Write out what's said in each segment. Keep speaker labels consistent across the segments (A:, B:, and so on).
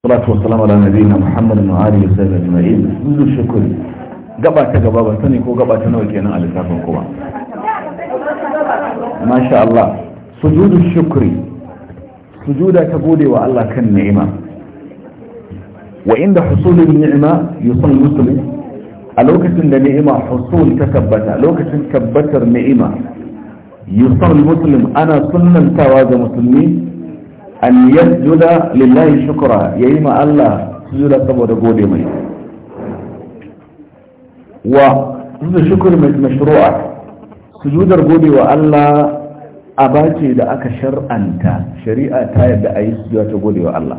A: salatu wassalamu ala nabiyina muhammadin wa alihi wasallam ajma'in mun shukuri gaba ta gaba ko gaba nawa kenan a lissafin kuma
B: masha Allah
A: sujudu shukri sujuda ta gode wa Allah kan ni'ima wa inda husulin ni'ima yusul muslim a lokacin da ni'ima husul ta tabbata lokacin tabbatar muslim ana sunnantawa ga musulmi an yasjuda lillahi shukra yi ma Allah sujuda saboda gode mai wa sujudu shukr mashru'a sujudar gode wa Allah aba ce da aka shar'anta shari'a ta yadda a ayi sujuda ta gode wa Allah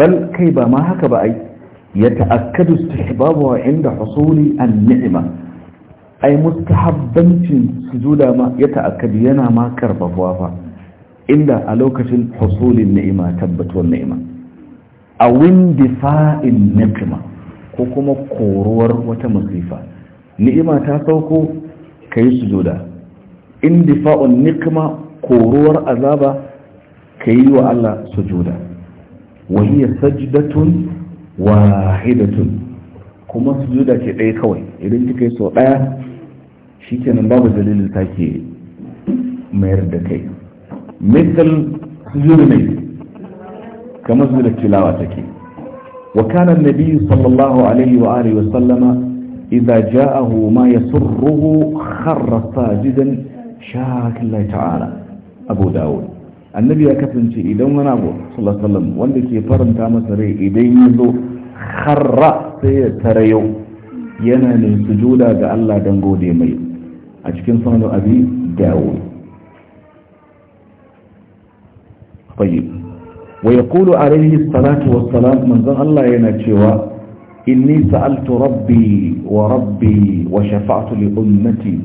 A: bal kai ba ma haka ba ai ya ta'akkadu istihbabuha inda husuli an-ni'ma ai mustahabbancin sujuda ma ya ta'akkadu yana ma karbabuwa fa inda a lokacin husulin ni'ima tabbatuwar ni'ima a fa'in ni'ima ko kuma koruwar wata masifa ni'ima ta sauko ka yi sujuda indifa'un ni'ima koruwar azaba ka yi wa Allah su sujuda wahiyar sajdatun wahidatun kuma su sujuda ke ɗaya kawai idan kika yi sau ɗaya shi babu dalilin sake mayar da kai misal sujudi ne kamar da tilawa take wa kana annabi sallallahu alaihi wa alihi wa sallama idza ja'ahu ma yasurruhu kharra sajidan shakilla ta'ala abu dawud annabi ya kasance idan wani abu sallallahu alaihi wa wanda ke faranta masa rai idan ya zo kharra sai ya tarayo yana ne sujuda ga Allah dan gode mai a cikin sunan abi dawud طيب ويقول عليه الصلاة والسلام من ذا الله ينجوى إني سألت ربي وربي وشفعت لأمتي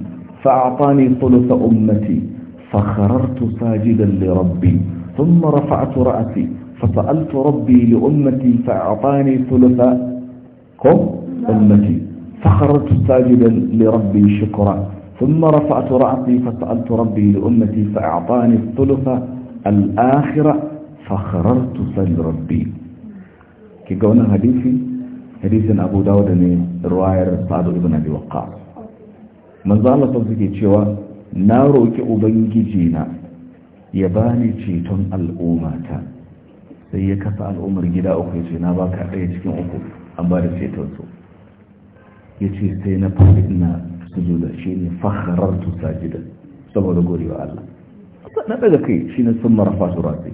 A: فأعطاني ثلث أمتي فخررت ساجدا لربي ثم رفعت رأسي فسألت ربي لأمتي فأعطاني ثلث أمتي فخررت ساجدا لربي شكرا ثم رفعت رأسي فسألت ربي لأمتي فأعطاني الثلث al'akhira fakharartu sali rabbi ki ga wannan hadisi hadisin abu dawud ne ruwayar sa'adu ibn abi waqqa manzo Allah sun suke cewa na roki ubangiji na ya bani ceton al'ummata sai ya kasa al'ummar gida uku ya na baka ɗaya cikin uku an ba da ceton su ya ce sai na faɗi ina sujuda shi ne fakharar sajidan saboda wa Allah na daga kai shi ne sun mara su rafi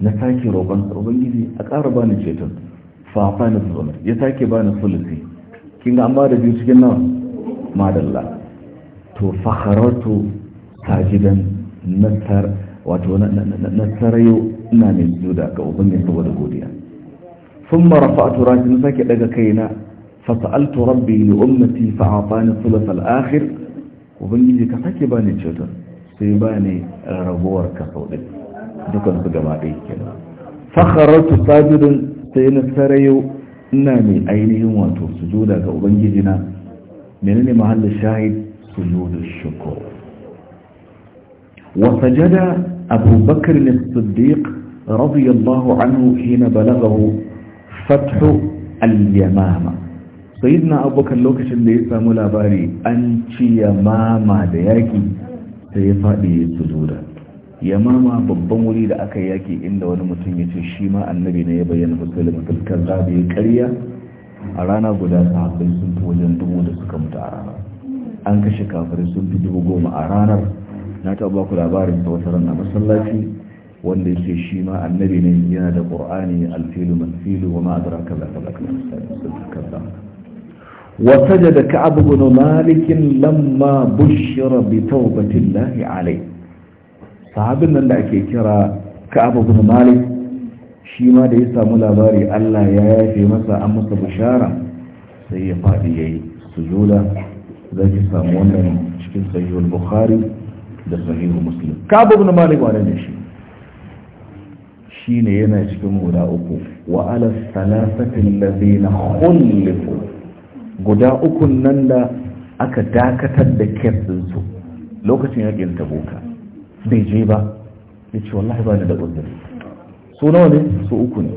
A: na sake roban gizi a ƙara ba ni ceton fafa ni zuwa ya sake ba ni sulusi kin ga an ba da biyu cikin nawa madalla to ji sajidan nasar wato na sarayo ina mai da ga ubangiji saboda godiya sun mara a turanci na sake daga kaina fasa'altu rabbi li ummati fa'atani thuluth al-akhir ubangiji ka sake bani ceton sai ba ne ragowar kaso ɗin dukkan su gaba ɗaya ke kenan fakharatu sajidun sai na sarayo ina mai ainihin wato sujuda ga ubangiji na menene mahallin shahid sujudu shukr wa sajada abu bakr as-siddiq radiyallahu anhu hina balaghahu fathu al-yamama sayyidina abubakar lokacin da ya samu labari an ci yamama da yaki sai ya faɗi ya sujuda mama babban wuri da aka yaki inda wani mutum ya ce shi ma annabi ne ya bayyana musulun tulkar zaɓe karya a rana guda sahabbai sun fi wajen dubu da suka mutu a rana an kashe kafirai sun fi dubu goma a ranar na taɓa ku labarin ta wata ranar masallaci wanda ya ce shi ma annabi ne yana da ƙur'ani alfilu manfilu wa ma'adara kaza kaza kaza وسجد كعب بن مالك لما بشر بتوبة الله عليه صحابنا اللي كي كرا كعب بن مالك شي ما دي سامو لاباري الله يا في مسا أمس بشارة سي فادي يي سجولة ذاك سامونا شكل صحيح البخاري ده صحيح مسلم كعب بن مالك وانا نشي شي نينا شكل مولا أبو وعلى الثلاثة الذين خلفوا guda ukun nan da aka dakatar da kes ɗinsu lokacin yakin tabuka bai je ba ya ce wallahi ba ni da uzuri su nawa ne su uku ne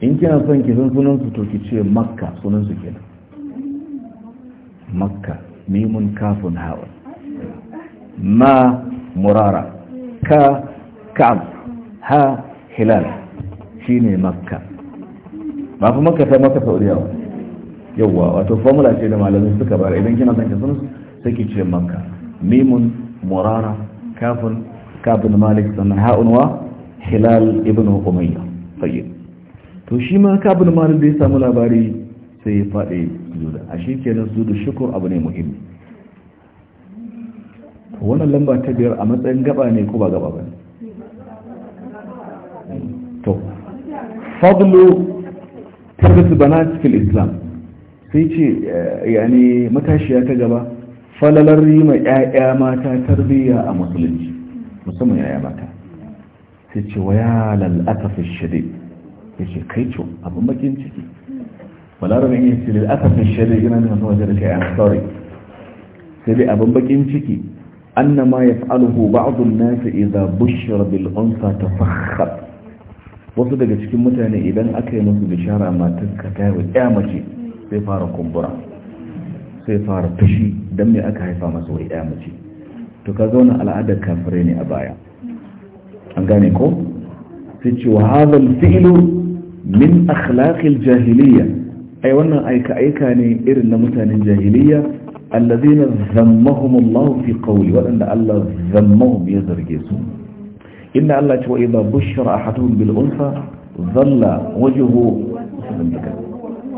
A: in kina son ki san sunan su to ki ce makka sunan su kenan makka mimun kafin hawa ma murara ka ka'ab ha hilal shine makka ba fa makka ta makka sauriya ba yawwa wato formula ce da malamin suka bara idan kina son ki san sai ce makka mimun murara kafin kafin malik sannan ha'un wa hilal ibnu umayya tayyib to shi ma kafin malik da ya samu labari sai ya faɗi zuda a shi kenan zuda shukur abu ne muhimmi wannan lamba ta biyar a matsayin gaba ne ko ba gaba ba to fadlu tarbitu bana cikin islam sai ce eh, yani matashiya ta gaba falalar yi ma 'ya'ya mata tarbiyya a musulunci musamman 'ya'ya mata sai ce wa ya lalata fi shade ya ce kai co abin bakin ciki balarabin yin ce lalata fi shade yana nuna sama jira ce i'm sorry sai dai abin bakin ciki annama ya fa'alhu ba'adun nasa idza bushra bil unsa tafakhar wasu daga cikin mutane idan aka yi musu bishara matan ka ta yi wa mace sai fara kumbura sai fara fushi don mai aka haifa masu wai ɗaya mace to ka zauna al'adar kafirai ne a baya an gane ko sai ce wa hazal fi'lu min akhlaqil jahiliya ai wannan aika aika ne irin na mutanen jahiliya allazina zammahum fi qawli wadanda Allah zammahum ya zarge su inna Allah ce wa idha bushira ahaduhum bil unsa dhalla wajhu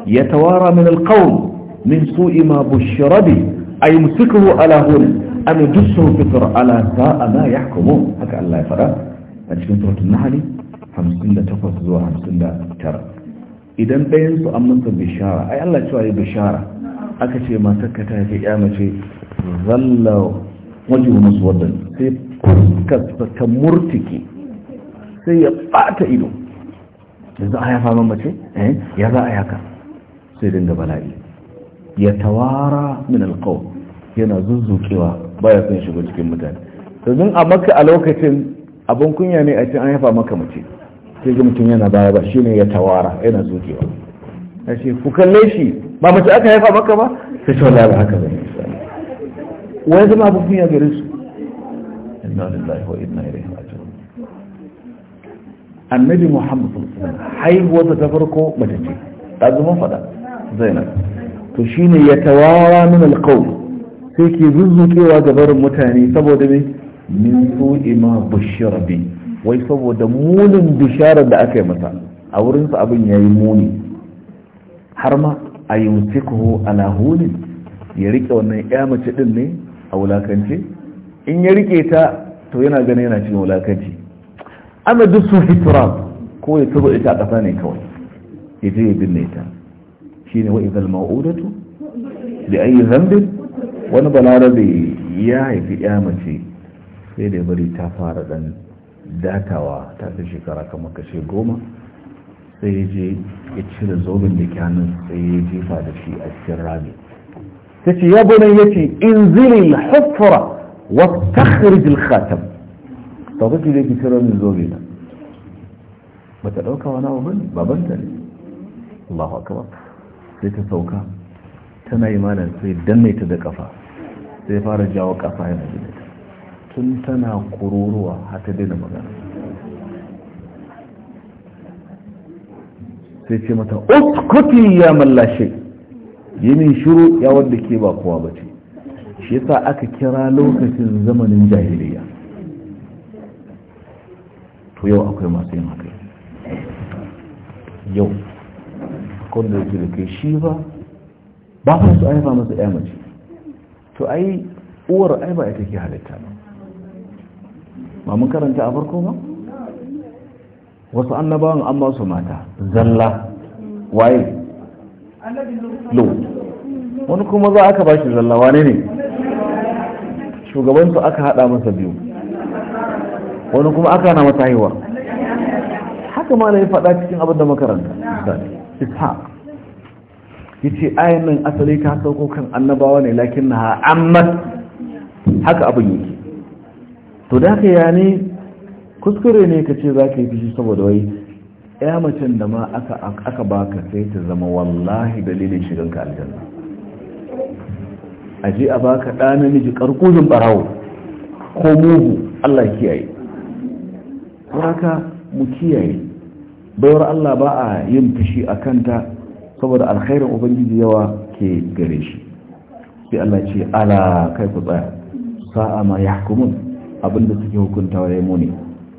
A: ya tawara القوم من سوء ما بشر به أيمسكه على هون أم يدسه فطر على ساء ما يحكمون هكا الله يفرى أجل سورة النحل hamsin da takwas zuwa hamsin da tara idan ɗayansu an masa bishara ai Allah cewa yi bishara aka ce matakka ta ce ya mace zalla waje wa sai fuskarsa ta murtiki sai ya bata ido yanzu a haifa mace ya za a yaka sai dinga bala'i ya tawara min alqaw yana zuzzukewa baya son shiga cikin mutane domin a maka a lokacin abin kunya ne a cikin an yafa maka mace sai ga mutum yana baya ba shine ya tawara yana zuzzukewa a ce ku kalle shi ba mace aka yafa maka ba sai shi wallahi ba haka ba wai zama abin kunya gare su inna lillahi wa inna ilaihi raji'un annabi muhammad sallallahu alaihi wasallam haihuwarsa ta farko mace ce ta zama fada zainab to shine ya tawara min alqawl sai ke zuzzukewa ga barin mutane saboda me min su'i ma bushira bi wai saboda munin bisharar da aka yi masa a wurin sa abin yayi muni har ma a yumsikuhu ala hulin ya rike wannan ya mace din ne a wulakance in ya rike ta to yana ganin yana cikin wulakanci amma duk su fitra ko ya tuba ita a ƙasa ne kawai ya ya binne ta shine wa idhal mau'udatu bi ayi dhanbin wani balarabe ya haifi ya mace sai da bari ta fara dan datawa ta ta shekara kamar kashe goma sai ya je ya cire zobin da kyanin sai ya jefa da shi a cikin rami ta ce ya bunan ya ce in zili hufura wa takharijil khatam ta kuke da ki cire min zobe na ba ta ɗauka wani abu ne babanta ne Allahu akbar sai ta sauka tana imanin sai danna ta da kafa sai fara jawo kafa yana gida tun tana kururuwa har ta daina magana sai ce mata uskuti ya mallashe yi min shiru ya wanda ke ba kowa ba ce shi yasa aka kira lokacin zamanin jahiliya to yau akwai masu yin haka yau Ko da yake da kai shi ba ba fa su aifa masa ya mace to ai uwar ai ita ke halitta ba Ma mun karanta a farko ba wasu annabawan an ba su mata zalla waye lo wani kuma za aka ba shi zalla wane ne shugabansu aka hada masa biyu
B: wani kuma aka hana masa haihuwa
A: haka ma na yi faɗa cikin abin da makaranta misali ishaq yace ayan nan asali ta sauko kan annabawa ne lakin na ammat haka abin yake to da ka yani kuskure ne ka ce za ka yi fushi saboda wai ya macen da ma aka baka sai ta zama wallahi dalilin ka aljanna a je a baka ɗa namiji ƙarƙuzin barawo ko mugu Allah kiyaye haka mu kiyaye baiwar Allah ba a yin fushi a kanta saboda alkhairin ubangiji yawa ke gare shi sai Allah ce ala kai ku tsaya sa'a ma yahkumun abinda suke hukuntawa ya muni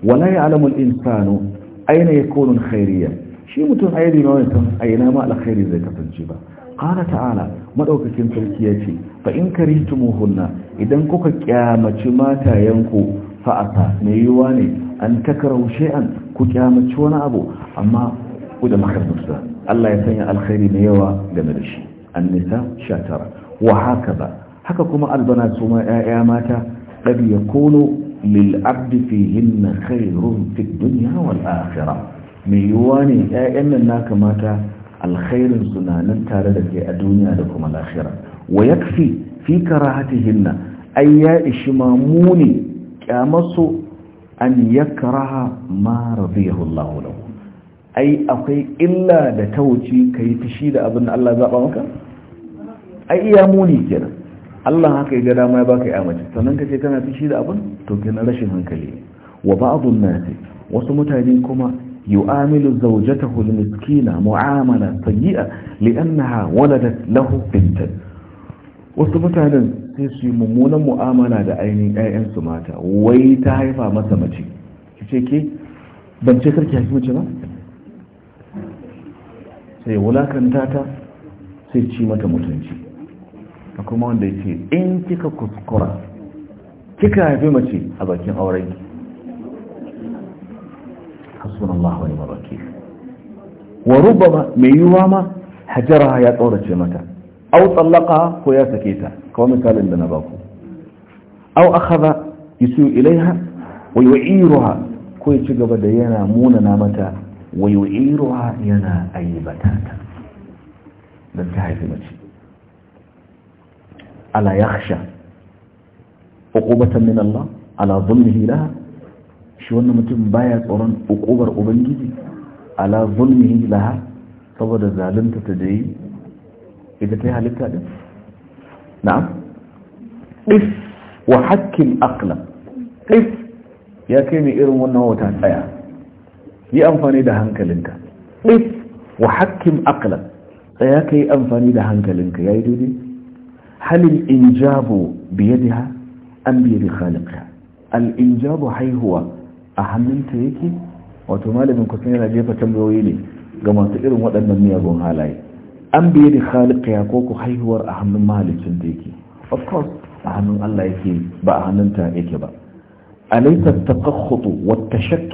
A: wala ya'lamu al-insanu aina yakunu khairiya shi mutum ai bai ma san aina ma alkhairi zai kasance ba qala ta'ala madaukakin sarki yace fa in karihtumuhunna idan kuka kyamaci matayenku fa asa yiwuwa ne an takarau shay'an ku kyamaci wani abu amma ku da makarnusa Allah ya sanya alkhairi mai yawa game da shi annisa 19 wa haka ba haka kuma albana su ma ƴaƴa mata qad yakunu lil abdi fihinna khairun fid dunya wal akhira. mai yiwuwa ne ya'yan nan naka mata alkhairin su na nan tare da kai a duniya da kuma lahira wa yakfi fi karahatihinna ai ya ishi mamuni kyamasu an yakraha ma radiyahu Allah lahu ai akwai illa da ta wuce kai fishi da abin da Allah zaba maka ai iya muni kenan Allah haka ya ga dama ya baka ya mace sannan kace kana fishi da abin to kenan rashin hankali wa ba'dun nas wasu mutane kuma yu'amilu zawjatahu al-miskina mu'amala sayyi'a li'annaha waladat lahu bintan wasu mutanen sai su yi mummunan mu'amala da ainihin 'ya'yansu mata wai ta haifa masa mace ki ce ke ban ce karki haifi mace ba sai wulakanta ta sai ci mata mutunci a kuma wanda ya ce in kika kuskura kika haifi mace a bakin aurenki hasunan Allah wani mabaki wa rubama mai yiwuwa ma hajjara ya tsorace mata au tsallaka ko ya sake ta kawai misalin da na baku au akhadha yusu ilaiha wa yu'iruha ko ya ci gaba da yana muna mata wa yu'iruha yana aibata ta dan ta haifi mace ala yakhsha uqubatan min Allah ala dhulmihi laha shi wannan mutum baya tsoron uqubar ubangiji ala zulmihi laha saboda zalunta ta da yi ita ta yi halitta din na'am ɗif wa hakkin akla ɗif ya kai mai irin wannan wata tsaya yi amfani da hankalinka ɗif wa hakkin akla tsaya ka yi amfani da hankalinka ya yi daidai halin injabu biye da an biye da khalika al'injabu haihuwa a hannunta yake wato malamin kusan yana jefa tambayoyi ne ga masu irin waɗannan miyagun halaye an biye da khaliqa ya koko haihuwar a hannun mahalicin da yake of course a hannun Allah yake ba a hannun hannunta yake ba A at-taqakhut wata at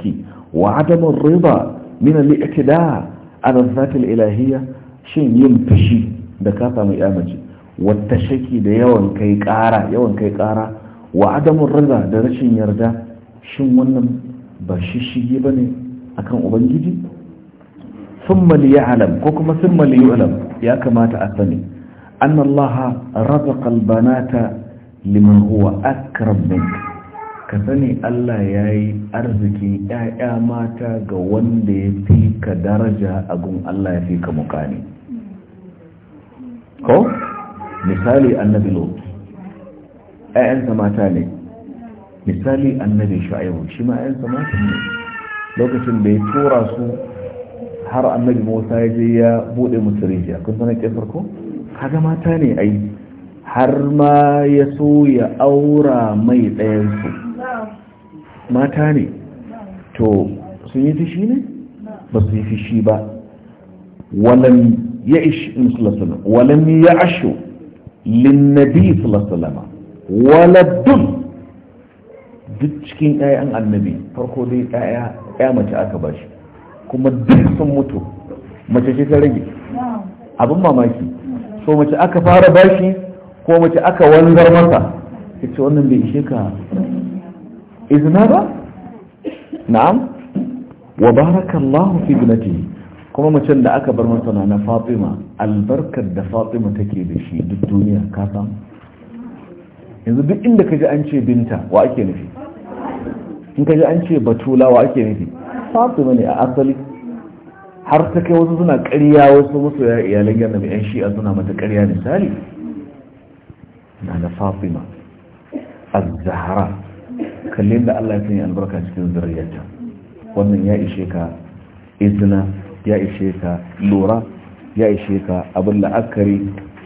A: wa adam riba min al-i'tida ala dhat ilahiyya shin yin fashi da ka samu iyamaci Wata shaki da yawan kai ƙara yawan kai ƙara wa adam riba da rashin yarda shin wannan ba shi shige bane akan ubangiji sun mali ya ko kuma sun mali ya ya kamata a sani an allaha kalbanata liman huwa akram min ka sani allah ya yi arziki ya'ya mata ga wanda ya fi ka daraja a gun allah ya fi mukani ko misali annabi lot ƴaƴansa mata ne misali annabi shi ma ƴaƴansa mata ne lokacin da ya tura su har annabi musa ya je ya buɗe musu rijiya kun sanar ke farko kaga mata ne ai har ma ya so ya aura mai ɗayansu mata ne to sun yi fishi ne ba su yi fishi ba walam ya ishi in sulasulama walam ya ashu linnabi sulasulama waladun duk cikin 'ya'yan annabi farko dai 'ya'ya mace aka ba kuma duk sun mutu mace ce ta rage abin mamaki so mace aka fara bashi ko mace aka wanzar masa ya ce wannan bai ishe ka izina ba na'am wa baraka allahu fi binati kuma macen da aka bar masa na Fatima albarkar da Fatima take da shi duk duniya ka san yanzu duk inda kaji an ce binta wa ake nufi in kaji an ce batula wa ake nufi fatima ne a asali har ta kai wasu suna ƙarya wasu musu ya iyalan yana mai 'yan shi'a suna mata ƙarya misali na na fasima az-zahra kallin da Allah ya sanya albarka cikin zuriyarta wannan ya ishe ka izina ya ishe ka lura ya ishe ka abin la'akari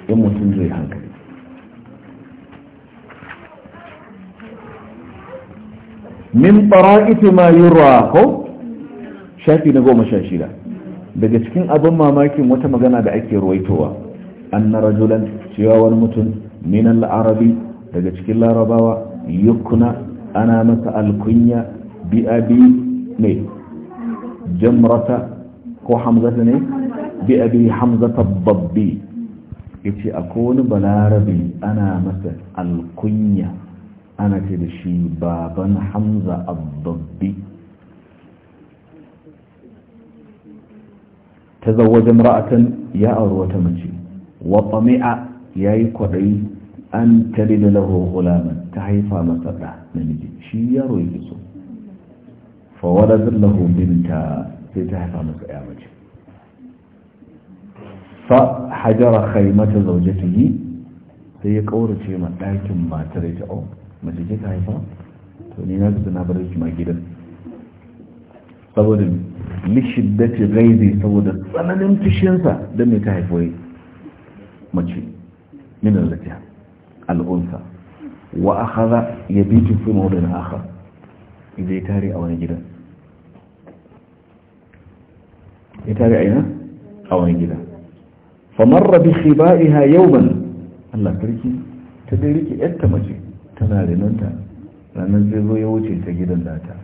A: in mutum zai hankali min fara'iti ma yura ko shafi na goma sha shida daga cikin abin mamakin wata magana da ake ruwaitowa an na rajulan cewa wani mutum minan la'arabi daga cikin larabawa yukuna ana masa alkunya bi ne jamrata ko hamzata ne bi hamzata babbi ya ce a wani balarabi ana masa alkunya ana ce da shi baban hamza babbi. Ta wajen tazawwaja imra'atan ya auri wata mace wa tami'a yayi kwadayi an talida lahu ghulaman ta haifa masa da namiji shi yaro yake so fa waladat lahu binta sai ta haifa masa ya mace fa hajara khaymata zawjatihi sai ya kaurace ma ɗakin matar ita o mace ce ta haifa to na zuba na bar shi gidan saboda lishiddati gaizi saboda tsananin fushinsa don mai ta haifoyi mace min allatiha al'unsa wa a haza ya bi yabitu fi mawdin akhar inda ya tare a wani gidan ya tare a yana a wani gida famarra bi khiba'iha yawman Allah turki ta dai rike yadda mace tana renonta ranar zai zo ya wuce ta gidan nata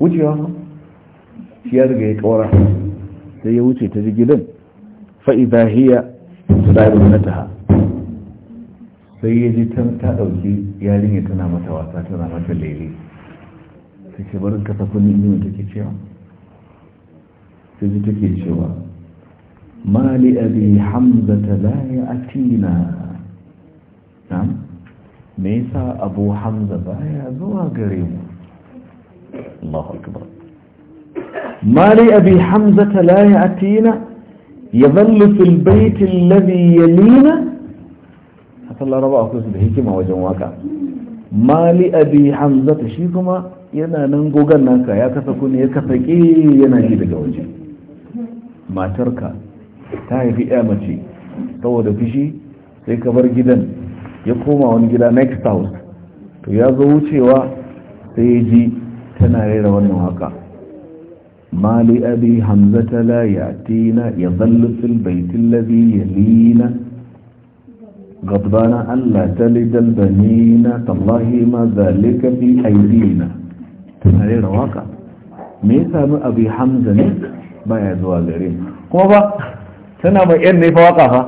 A: wucewa shi ya ya kaura sai ya wuce ta ji gidan fa'iza hiya tsarin nataha sai ya ji ta ɗauki yarinya tana mata wasa tana mata lele ta ce barin kasafin nijin da take cewa sai ji take cewa mali abi hamzata la ya atina na'am me yasa abu hamza baya zuwa gare mu Allahu akbar مالي أبي حمزة لا يأتينا يظل في البيت الذي يلينا حتى الله ربا أكوس بهيكما وجواكا مالي أبي حمزة شيكما ينا ننقو ناكا يا كفكون يا كفكي ينا جيد وجه ما ترك تاهي في آمتي سوى دفشي سيكبر جدا يقوم عن جدا next house to ya zo wucewa sai ya ji tana rera wannan haka ما لأبي حمزة لا يأتينا يظل في البيت الذي يلينا غضبان ألا تلد البنين تالله ما ذلك في أيدينا تنهي رواقع ميسا من أبي حمزة نك ما يدوى غيرين قوة سنة ما إني فوقها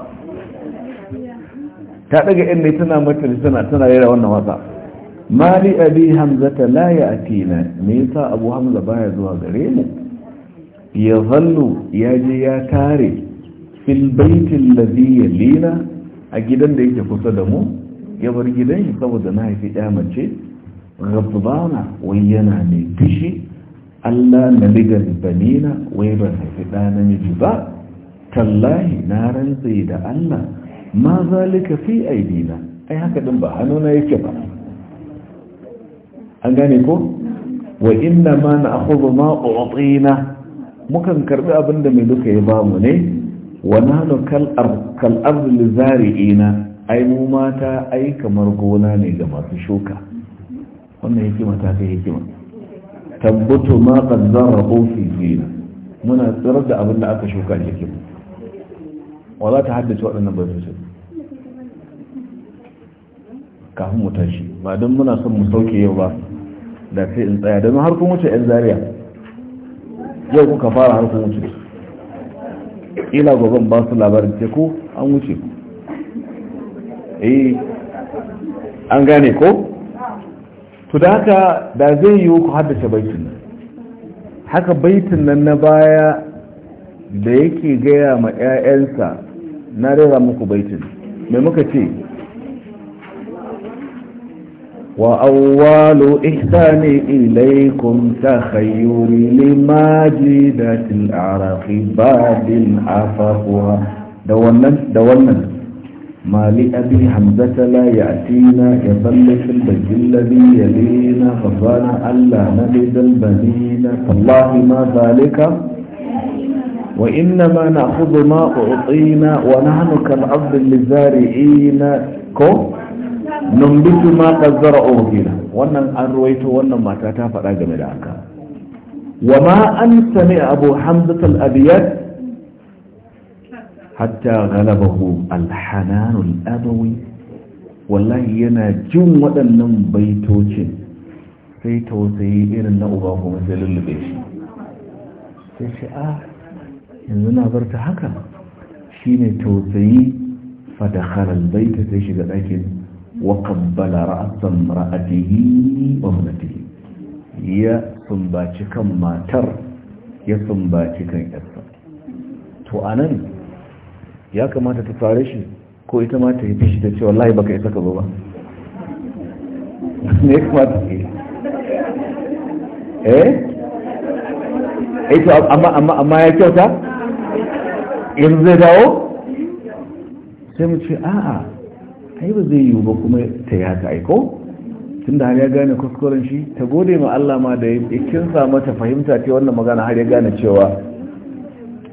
A: تأتك إني تنا متل سنة تنا يرى وانا وقع ما لأبي حمزة لا يأتينا ميسا أبو حمزة ما يدوى غيرين ya zallu ya je ya tare fil baitin lazi lina a gidan da yake kusa da mu ya bar gidan shi saboda na haifi ya mace rabbana wai yana mai fishi allah na ligar banina wai ban haifi ɗa namiji ba tallahi na rantse da allah ma zalika fi aidina ai haka din ba hannuna yake ba an gane ko wa inna ma na akhudhu ma u'tina mukan karbi abin da mai duka ya bamu ne wa nahnu kal ardh zari'ina ai mu mata ai kamar gona ne ga masu shuka wannan hikima ta kai hikima tabbutu ma qad zarqu fi zina muna tsirar da abin da aka shuka a cikin za ta haddace waɗannan ba bayanai kafin mu tashi ba don muna son mu sauke yau ba da sai in tsaya don har kuma wuce 'yan Zariya. yau kuka fara har ku wuce ila gobe ba su labarin ce ko an wuce eh an gane ko to da haka da zai yi ku haddace baitin nan haka baitin nan na baya da yake gaya ma 'ya'yansa na rera muku baitin mai muka ce وأول إحسان إليكم تخير لماجدة الأعراق باد عفافها دولنا دولنا ما لأبي حمزة لا يأتينا يظل في البج الذي يلينا خفانا ألا نلد البنين فالله ما ذلك وإنما نأخذ ما أعطينا ونحن كالعظ للزارعين كو numbitu ma qazzara uhina wannan an ruwaito wannan mata ta faɗa game da haka wa ma an sami abu hamzat al-abiyat hatta ghalabahu al-hanan abawi wallahi yana jin waɗannan baitocin sai tausayi irin na uba kuma sai lullube shi sai ce a ah, yanzu na bar ta haka shine tausayi fa dakhala al-bayt sai shiga ɗakin وقبل رأس امرأته وابنته يا سنباتي كم ما تر يا سنباتي كم يسر to a ya kamata ta fare shi ko ita ma ta yi shi ta ce wallahi baka isa ka zo ne ya kamata ta yi eh eh kyauta yanzu zai dawo sai mu ce a'a ai ba zai yiwu ba kuma ta ya ta aiko tun da har ya gane kuskuren shi ta gode ma Allah ma da ya kinsa mata fahimta ce wannan magana har ya gane cewa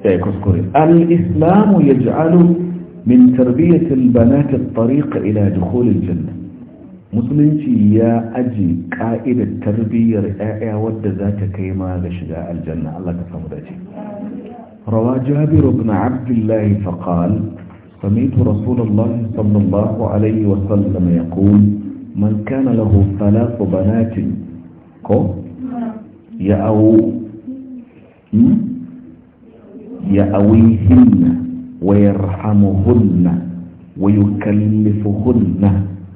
A: ya yi kuskure al-islamu ya ja'alu min tarbiyyatin banati tariqa ila dukhulil janna musulunci ya aji ka'idar tarbiyyar 'ya'ya wadda za ta kai ma ga shiga aljanna Allah ta samu dace rawa jabir ibn Abdullahi faqala سمعت رسول الله صلى الله عليه وسلم يقول من كان له ثلاث بنات كو يأو يأويهن ويرحمهن ويكلفهن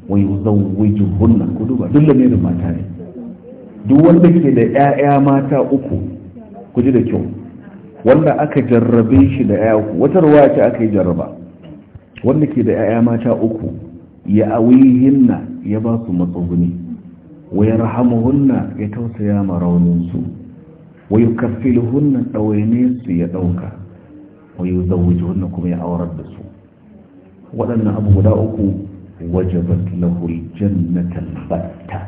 A: ويزوجهن كدوبا دول ne da mata ne duk wanda ke da 'ya'ya mata uku ku ji da kyau wanda aka jarrabe shi da 'ya'ya uku wata ruwa ce aka yi jarraba wanda ke da 'ya'ya mata uku ya awihinna ya ba su matsuguni wa ya rahamuhunna ya tausaya ma rauninsu wa yi kafiluhunna ɗawaine su ya ɗauka wa yi zawujihunna kuma ya aurar da su waɗannan abu guda uku wajabat lahul jannatal batta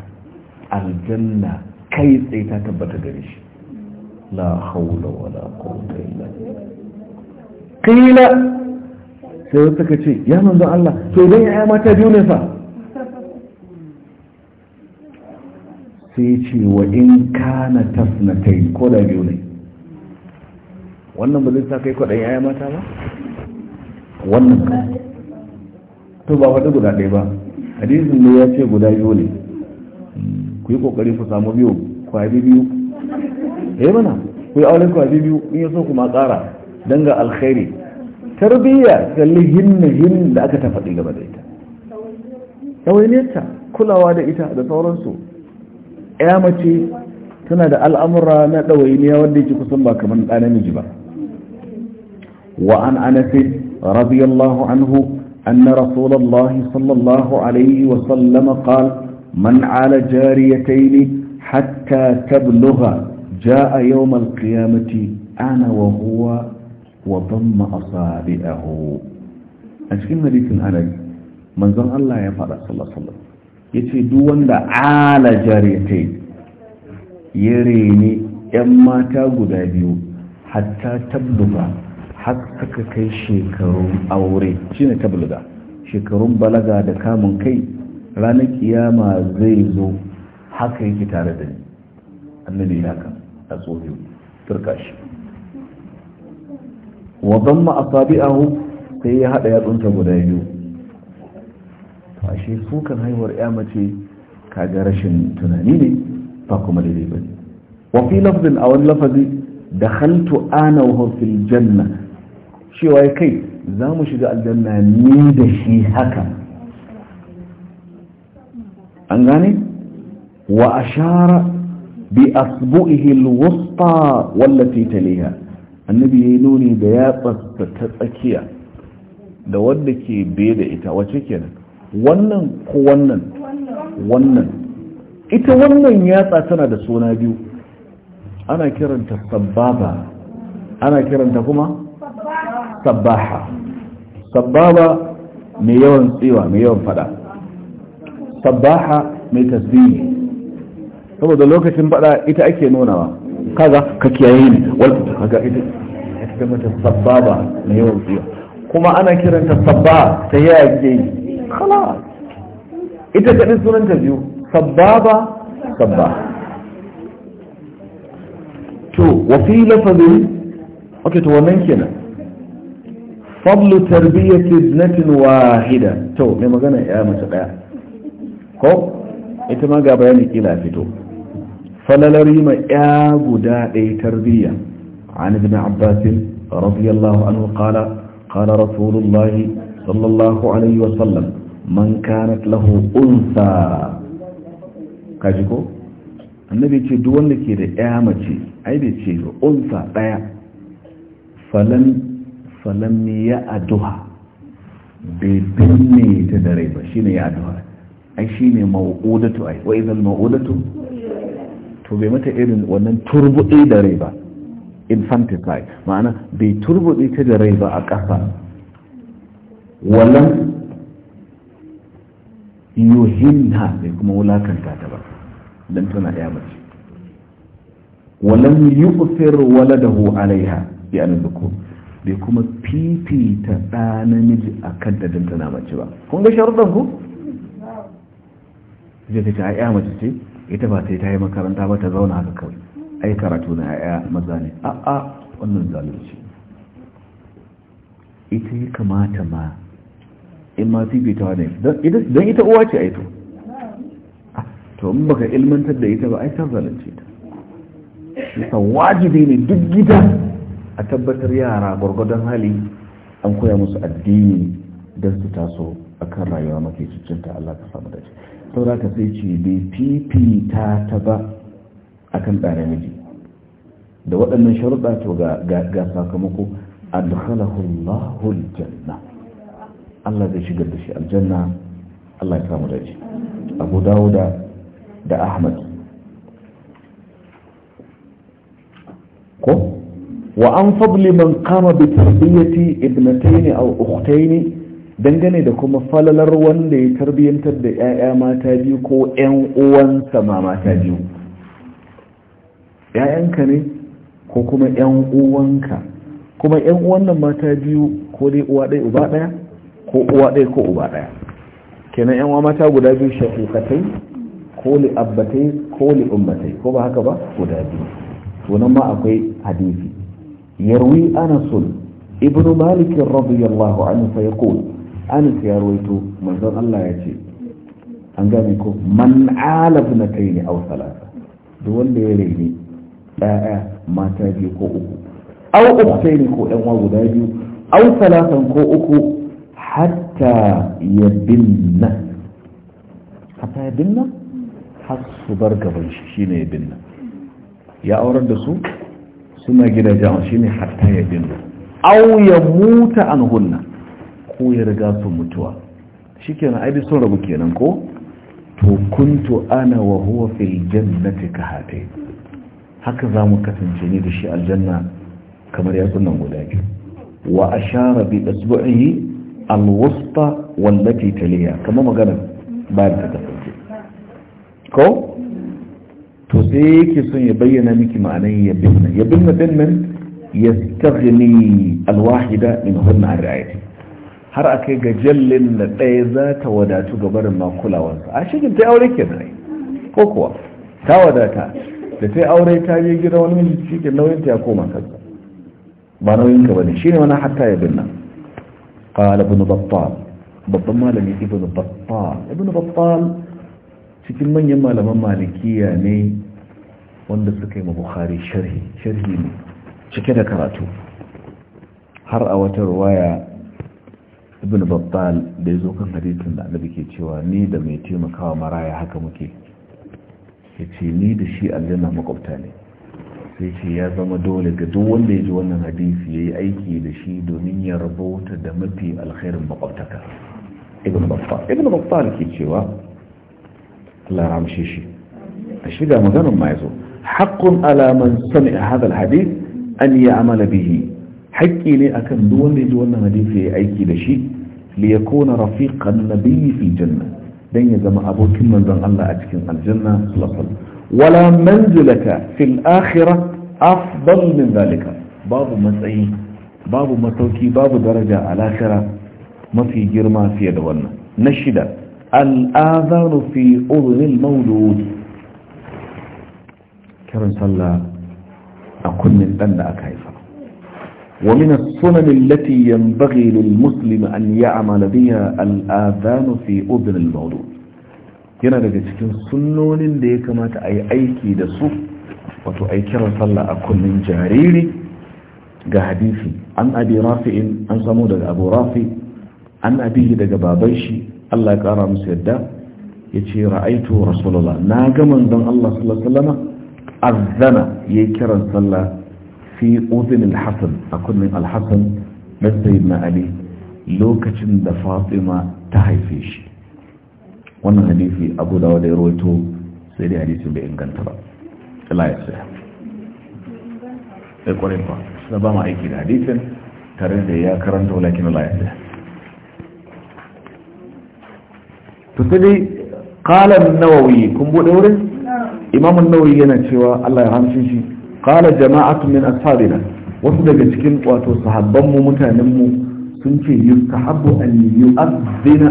A: aljanna kai tsaye ta tabbata gare shi la haula wala quwwata illa billah sai wasu ka ce ya manzo Allah to idan ya mata biyu ne fa sai ce wa in kana tasnatai ko da biyu ne wannan ba zai sa kai kwaɗayin ya mata ba wannan ka to ba faɗi guda ɗaya ba hadisin ne ya ce guda biyu ne hmm, ku yi ƙoƙari ku samu biyu kwabi biyu eh mana ku yi aure kwabi biyu in ya so kuma ƙara don ga alkhairi tarbiyya kalli hinna hin da aka ta faɗi game da ita ɗawainiyarta kulawa da ita da sauransu ya mace tana da al'amura na ɗawainiya wanda yake kusan ba kamar ɗa namiji ba
B: wa an anasin
A: radiyallahu anhu أن رسول الله صلى الله عليه وسلم قال من على جاريتين حتى تبلغ جاء يوم القيامة أنا وهو wa damma asabi'ahu a cikin hadisin arab manzon Allah ya fada sallallahu alaihi wasallam yace duk wanda ala jarite ya rene yan mata guda biyu hatta tabluga har suka kai shekarun aure shine tabluga shekarun balaga da kamun kai ranar kiyama zai zo haka yake tare da ni annabi ya ka a tsohiyo turka shi wa damma asabi'ahu sai ya haɗa yatsunta guda biyu ashe sukan haihuwar ya mace kaga rashin tunani ne ba kuma daidai ba. wa fi a wani lafazi dakhaltu ana wa fil janna cewa kai za mu shiga aljanna ni da shi haka an gane wa ashara bi asbu'ihi alwusta wallati taliha annabi ya yi nuni da yatsarsa ta tsakiya da wadda ke biye da ita wace kenan wannan ko wannan wannan ita wannan yatsa tana da suna biyu ana kiranta sababa ana kiranta kuma
B: sabaha
A: sababa mai yawan tsiwa mai yawan fada sabaha mai tasbihi saboda lokacin fada ita ake nunawa kaga ka kiyaye ne wal kaga ita ce mata sabba na yawan tsiya kuma ana kiranta sabba ta yaƙe khalas ita kaɗin ta biyu sabba ba sabba to wafi lafazin ok to wannan kenan fadlu tarbiyyati ibnatin wahida to mai magana ya mace daya ko ita ma ga bayani kila fito falalari ma ya guda ɗaya tarbiyya عن ابن عباس رضي الله عنه قال قال رسول الله صلى الله عليه وسلم من كانت له أنثى كاجيكو النبي دو كي يقول دون لك رئامتي أي بيتشير أنثى ضيا فلم فلم يأدها ببني تدريبا شين يأدها أي شين موؤودة اي وإذا الموؤودة تو بي mata irin wannan turbuɗe da rai ba infanticide ma'ana bai turbuɗe ta da rai ba a ƙasa walan yuhinna bai kuma wulakanta ta ba don tana ɗaya mace walan da hu alaiha bi an zukur bai kuma fifita ɗa namiji a kan da don tana mace ba kun ga sharuɗan ku zai ta ce a ya mace ce ita ba sai ta yi makaranta ba ta zauna haka kawai ai karatu na ya'ya maza ne a'a wannan zalunci ita ya kamata ma in ma fifita ne don ita uwa ce aito ah, to in baka ilmantar da ita ba ai ta zalunce ta bisa wajibi ne duk gida a tabbatar yara gwargwadon hali an koya musu addini don su taso a kan rayuwa mafi cikinta Allah ka samu da shi saboda ka sai ce bai fifita ta ba akan ɗa namiji da waɗannan sharuɗa to ga sakamako adhalahullahul janna Allah zai shigar da shi aljanna Allah ya samu dace Abu Dawuda da Ahmad ko wa an fadli man qama bi tarbiyati ibnatayn aw ukhtayn dangane da kuma falalar wanda ya tarbiyantar da 'ya'ya mata biyu ko 'yan uwansa ma mata biyu 'ya'yanka ne ko kuma 'yan uwanka kuma 'yan uwan nan mata biyu ko dai uwa ɗaya uba ɗaya ko uwa ɗaya ko uba ɗaya kenan 'yan uwa mata guda biyu shafukatai ko li abbatai ko li ummatai ko ba haka ba guda biyu sunan ma akwai hadisi yarwi anasul ibnu malik radiyallahu anhu fa yaqul anas ya rawaito manzon Allah ya ce an gane ko man ala na kai ne salasa duk wanda ya raini ɗaya mata biyu ko uku au ne ko ɗan uwa guda biyu au salasan ko uku hatta ya binna hatta ya binna har su bar gaban shi shine ya binna ya aurar da su suna gidajen shine hatta ya binna au ya muta an hunna ko ya riga su mutuwa shikenan ai bi sun rabu kenan ko to kuntu ana wa huwa fil jannati ka hatai haka za mu kasance ni da shi aljanna kamar yatsunan guda biyu wa ashara bi asbu'ihi alwusta wallati taliya kamar magana bayan ta kasance ko to sai yake son ya bayyana miki ma'anan ya binna ya binna din nan yastaghni alwahida min hunna an ra'ayati har akai ga jallin da ɗaya za ta wadatu ga barin makulawansa a shigin ta aure kenan ko kuwa ta wadata da sai aure ta je gida wani miji shi ke nauyin ta ya koma ka. ba nauyin ka bane shine wani hatta ya binna qala ibn battal babban malami ibn battal ibn battal cikin manyan malaman malikiya ne wanda suka yi ma bukhari sharhi sharhi ne cike da karatu har a wata ruwaya ibn battal da ya zo kan hadisin da annabi ke cewa ni da mai taimakawa maraya haka muke ya ce ni da shi aljanna makwabta ne sai ce ya zama dole ga duk wanda ya ji wannan hadisi ya yi aiki da shi domin ya rabauta da mafi alkhairin makwabtaka ibn baffal ibn baffal ke cewa Allah ramshe shi a shiga maganin ma yazo haqqun ala man sami'a hadha alhadith an ya'mala bihi haƙƙi ne akan duk wanda ya ji wannan hadisi ya yi aiki da shi li yakuna rafiqan nabiyyi fi janna dan ya zama abokin manzon Allah a cikin aljanna lafal wala manzilaka fil akhirah afdal min zalika babu matsayi babu matauki babu daraja a lahira mafi girma fiye da wannan na shida al'azanu fi uzunin maulud kiran sallah a kunnen dan da aka haifa ومن السنن التي ينبغي للمسلم أن يعمل بها الآذان في أذن المولود yana daga cikin sunnonin da ya kamata a yi aiki da su wato a yi sallah a kullum jariri ga hadisi an abi rafi'in an samu daga abu rafi an abihi daga baban shi Allah ya kara musu yadda ya ce ra'aitu rasulullah na ga manzon Allah sallallahu alaihi wasallam azzana yayi kiran sallah fi uzin alhassan a kunnin alhassan na sayyidina ali lokacin da fatima ta haife shi wannan hadisi abu da wadda ya rawaito sai dai hadisin bai inganta ba Allah ya tsaya sai eh, ba suna ba ma aiki da hadisin tare da ya karanta walakin Allah ya tsaya to sai dai kalan nawawi kun bude wurin imam nawawi yana cewa Allah ya hamshin shi qala jama'atu min ashabina wasu daga cikin wato sahabban mu mutanen mu sun ce yustahabbu an yu'adhdhina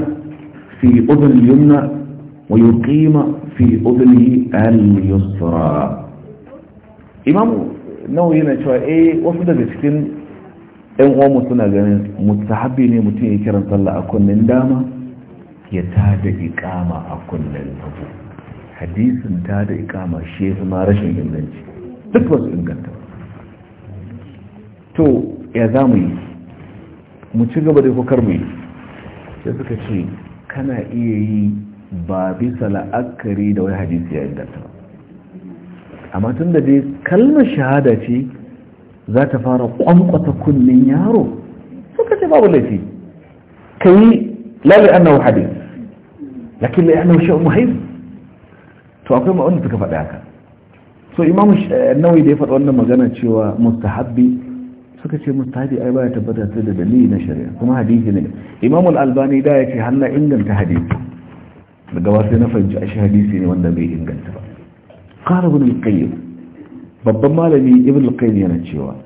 A: fi udhun yumna wa yuqima fi udhnihi al-yusra imam nawawi yana cewa eh wasu daga cikin ɗan uwanmu suna ganin mustahabi ne mutum ya kiran sallah a kunnen dama ya ta da ikama a kunnen hagu hadisin ta da ikama shi ya ma rashin inganci duk ba su inganta to ya za mu yi mu ci gaba da kar mu yi sai suka ce kana iya yi ba bisa la'akari da wai hadisi ya inganta ba amma tun da dai kalmar shahada ce za ta fara kwankwata kunnen yaro suka ce babu laifi ka yi lalai annawa hadis lakin annawa sha'un muhim to akwai ma'aunin suka faɗi haka so imam annawi da ya faɗi wannan magana cewa mustahabbi suka ce mustahabi ai ba ya tabbata sai da dalili na shari'a kuma hadisi ne imam al-albani da yake hanna inganta hadisi daga wasu na fahimci a shi hadisi ne wanda bai inganta ba qala ibn al-qayyim babban malami ibn al-qayyim yana cewa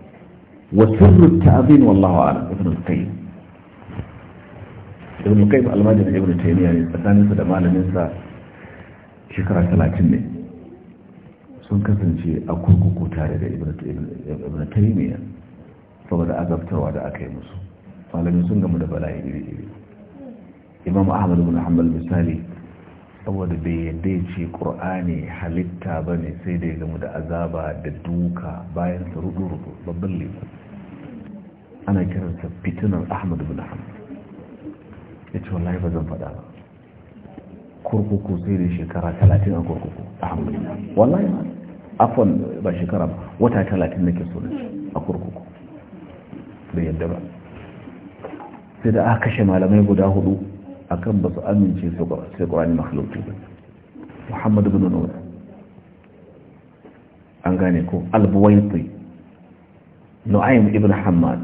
A: wa sirru ta'zim wallahu a'lam ibn al-qayyim ibn al-qayyim al-majid ibn taymiyyah ne tsakaninsa da malamin sa shekara 30 ne sun kasance a kurkuku tare da ibn taimiyya saboda azabtarwa da aka yi musu malami sun gamu da bala'i iri-iri imam ahmad bin hamal misali saboda bai yadda ya ce ƙur'ani halitta ba ne sai da ya gamu da azaba da duka bayan sa rudu-rudu babban liman ana kiransa fitinar ahmad bin hamal ya ce wallahi ba zan faɗa ba kurkuku sai da shekara talatin a kurkuku ahmad wallahi ma afon ba shekara ba wata talatin nake ke a kurkuku da yadda ba sai da aka kashe malamai guda hudu akan ba su amince sai ƙwararri mahalauti ba muhammadu bin nuna an gane ko albuwaifi nu'aim ibn hamad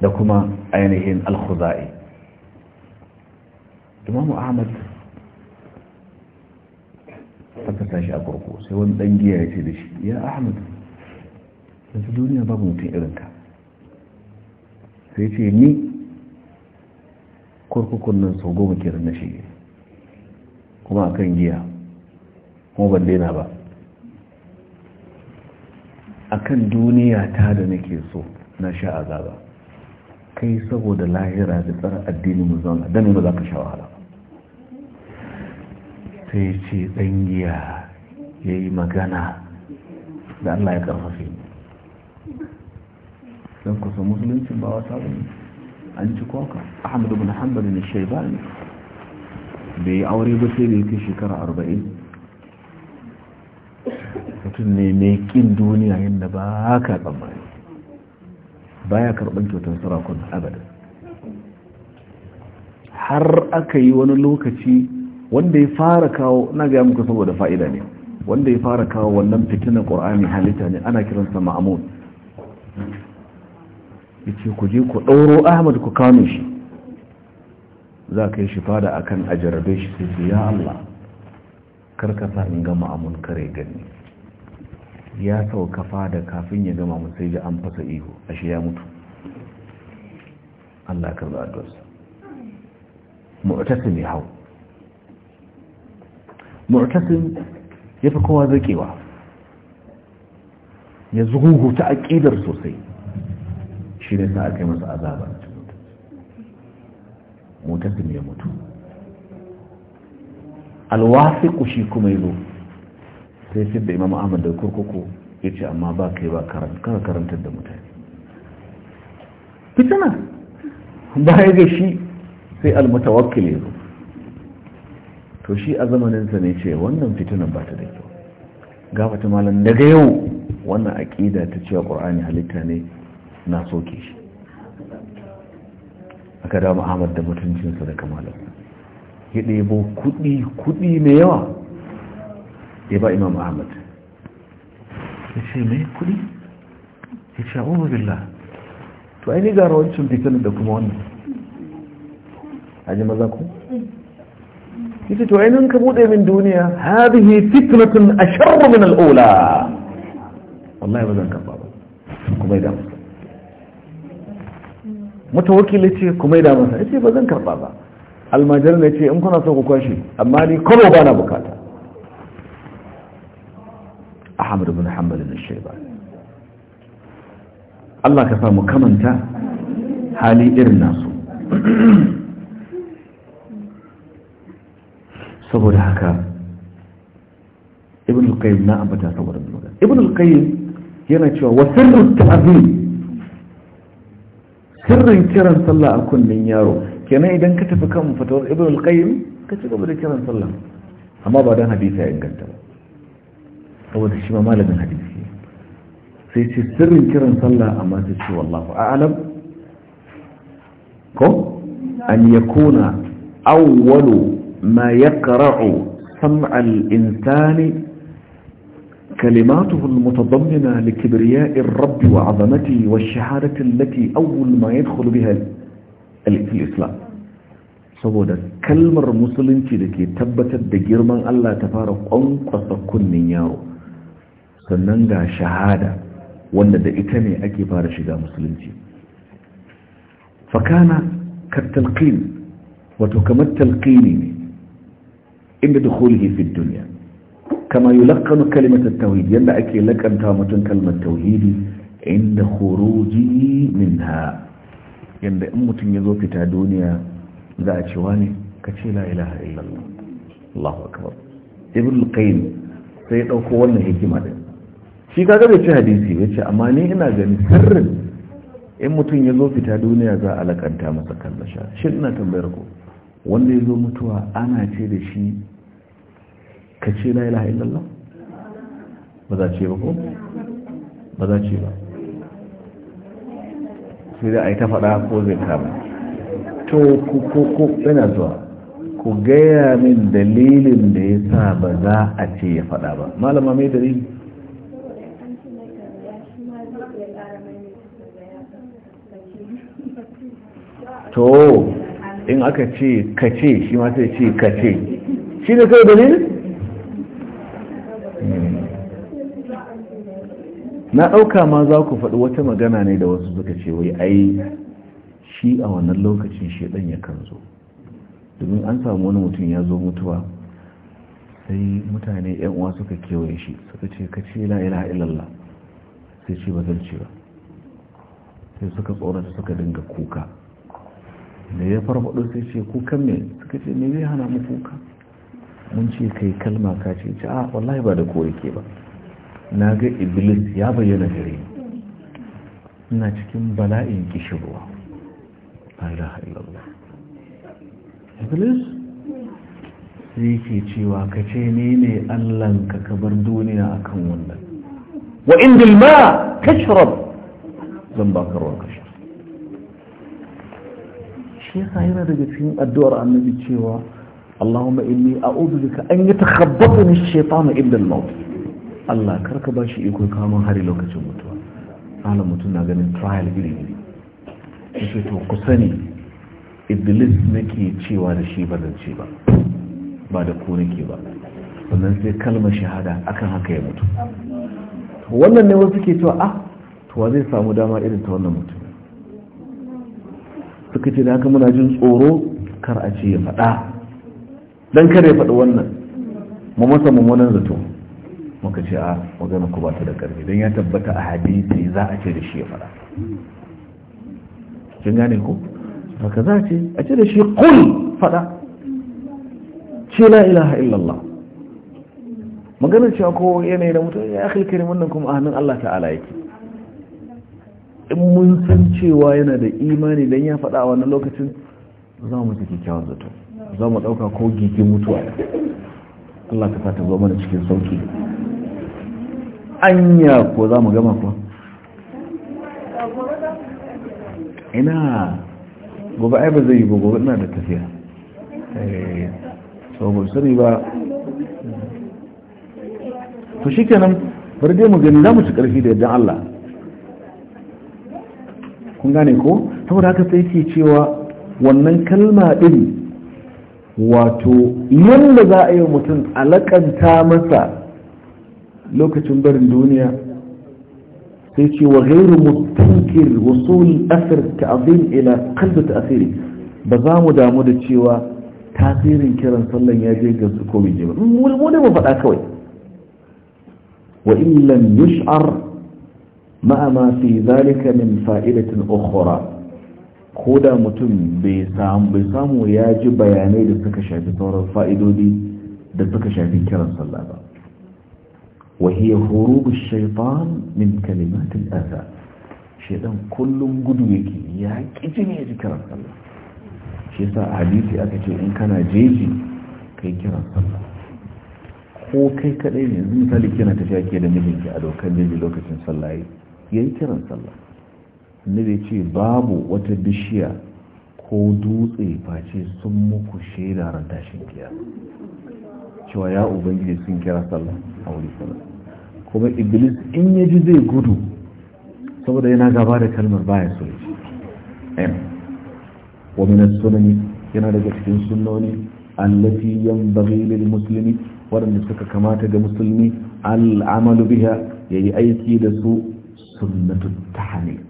A: da kuma ainihin al-khuzai imamu ahmad aka tashi a farko sai wani dan giya ya ce da shi ya ahmad yanzu duniya babu mutum irin ka sai ce ni kurkukun nan sau goma ke na shige kuma a kan giya kuma ban daina ba a kan duniya ta da nake so na sha azaba kai saboda lahira da tsara addinin mu zauna don nuna za ka sha wahala sai ce ɗangiya ya yi magana da Allah ya ƙarfafe don kusa musulunci ba wata wani an ci kwaka ahmadu bin hanbal ne shaibani bai yi aure ba sai da ya shekara arba'in mutum ne mai ƙin duniya yadda ba ka tsammani ya karɓar kyautar sarakun abada har aka yi wani lokaci wanda ya fara kawo na gaya muku saboda fa'ida ne wanda ya fara kawo wannan fitinan qur'ani halitta ne ana kiransa ma'mun yace ku je ku ɗauro ahmad ku kano shi za ka yi shi fada akan ajarabe shi sai ya Allah karkasa in ga ma'mun kare gani ya sauka fada kafin ya gama sai ji an fasa ihu ashe ya mutu Allah karba addu'a mu'tasimi hau mu'tasim yafi kowa zakewa ya ta aƙidar sosai shi ne sa aka masa azaba mutasim ya mutu alwafiku shi kuma yazo sai shi da imam ahmad da kurkuku ya amma ba kai ba karantar da mutane fitana ba ya ga shi sai almutawakkil yazo to shi a zamaninsa ne ce wannan fitinan ba ta da kyau ta malam daga yau wannan aƙida ta cewa ƙur'ani halitta ne na soke shi aka damu ahmad da mutuncinsa da kamalar ya ɗebo kuɗi kuɗi mai yawa ya ba imam ahmad ya ce mai kuɗi ya ce abubuwa billah to aini gara wancan fitinan da kuma wannan a ji maza ku yace to ainihin ka bude min duniya hadhihi fitnatun asharru min al-ula wallahi zan kafa ba kuma idan mutawakkil ce kuma idan masa yace zan karba ba almajar ne ce in kuna so ku kwashi amma ni kuma ba na bukata ahmad ibn hanbal bin shayba Allah ka samu kamanta hali irin nasu saboda haka ibn al-qayyim na ambata saboda magana ibn al-qayyim yana cewa wa sirru ta'zim sirrin kiran sallah a kunnen yaro kenan idan ka tafi kan fatawar ibn al-qayyim ka ci gaba da kiran sallah amma ba dan hadisi ya inganta ba saboda shi ma malamin hadisi sai ce sirrin kiran sallah amma sai ce wallahu a'lam ko an yakuna awwalu ما يقرع سمع الإنسان كلماته المتضمنة لكبرياء الرب وعظمته والشهادة التي أول ما يدخل بها في الإسلام saboda kalmar musulunci da ke tabbatar da girman Allah ta fara kwankwasa kunnin yaro sannan ga shahada wanda da ita ne ake fara shiga musulunci fakana ka talqin wato kamar talqini ne inda dukhulihi fi duniya. kama yulaqqanu kalimat at-tauhid yadda ake lakanta mutum kalmar tauhidi inda min minha Yadda in mutum ya zo fita duniya za a ce wani ka ce la ilaha illallah Allahu akbar ibn al-qayyim sai ya dauko wannan hikima din shi kaga bai ci hadisi bai ce amma ni ina gani sirrin in mutum ya zo fita duniya za a lakanta masa kalmasha shi ina tambayar ku wanda ya zo mutuwa ana ce da shi ka ce la ilaha illallah
B: ba za ce ba ko
A: ba za ce ba sai da a yi ta faɗa ko zai kama to ko yana zuwa ku gaya min dalilin da ya sa ba za a ce ya faɗa ba malama mai dalilin to in aka ce kace shi ma sai ce kace shi ne kai dalilin hmm. na ɗauka ma za ku faɗi wata magana ne da wasu suka ce wai ai shi a wannan lokacin shaidan ya kan zo domin an samu wani mutum ya zo mutuwa sai mutane yan uwa suka kewaye shi suka ce ka ce la ilaha illallah sai ce ba sai suka tsorata suka dinga kuka da ya farfaɗo sai ce kukan me suka ce me zai hana mu kuka mun ce kai kalma ka ce ce a wallahi ba da kori ke ba na ga iblis ya bayyana gare ni ina cikin bala'in kishirwa la ilaha illallah iblis sai ke cewa ka ce ni ne allan ka kabar bar duniya akan wannan wa indil ma tashrab zan baka ruwan kashi shi yasa yana daga cikin addu'ar annabi cewa Allahumma inni a'udhu bika an yatakhabbatani ni shaytanu inda al-maut Allah karka ba shi iko mun hari lokacin mutuwa alam mutum na ganin trial iri iri yace to ku sani iblis nake cewa da shi ba ce ba ba da ku nake ba sannan sai kalmar shahada akan haka ya mutu wannan ne wasu ke cewa ah to wa zai samu dama irin ta wannan mutum suka ce da haka muna jin tsoro kar a ce ya faɗa don kar ya faɗi wannan mu masa mu mummunan zato muka ce a magana ku ba ta da ƙarfi don ya tabbata a hadisi za a ce da shi ya faɗa kin gane ku haka za ce a ce da shi kul faɗa ce la ilaha illallah maganar cewa ko yanayi da mutum ya akilkirin wannan kuma a hannun Allah ta'ala yake in mun san cewa yana da imani don ya faɗa a wannan lokacin za mu ji kyakkyawan zato za mu ɗauka ko gigin mutuwa Allah ka fata zo mana cikin sauki anya ko za mu gama ko, ina gobe ai ba zai yi gobe ina da tafiya eh ba sani ba to shikenan bari dai mu gani za mu ci karfi da yadda Allah kun gane ko saboda haka sai ke cewa wannan kalma din wato yadda za a yi mutum alakanta masa lokacin barin duniya sai ce wa gairu mutunkir wasu asir ta'azim ila kalbi ta'asiri ba za mu damu da cewa tasirin kiran sallan ya je ga su komi jima mu ne mu faɗa kawai wa illan lam yush'ar ma'a ma fi zalika min fa'idatin ukhra ko da mutum bai samu ya ji bayanai da suka shafi sauran fa'idodi da suka shafi kiran sallah ba wahiyar hurubu shaifan min kalimatin ɗasa shaidan kullum gudu yake ya ƙiji ne ya ji kiran sallah shi sa a hadisi aka ce in kana jeji kai kiran sallah ko kai kaɗai ne yanzu misali kina tafiya ke da mijinki a dokar jeji lokacin sallah ya yi kiran sallah annabi ce babu wata bishiya ko dutse face sun muku shaida ran tashin kiya cewa ya ubangiji sun kira sallah a wuri sallah kuma iblis in ya ji zai gudu saboda yana gaba da kalmar baya so ya ci ɗaya wa sunani yana daga cikin sunnoni allati yanbaghi lil muslimi waɗanda suka kamata ga musulmi amalu biha yayi aiki da su sunnatu tahanik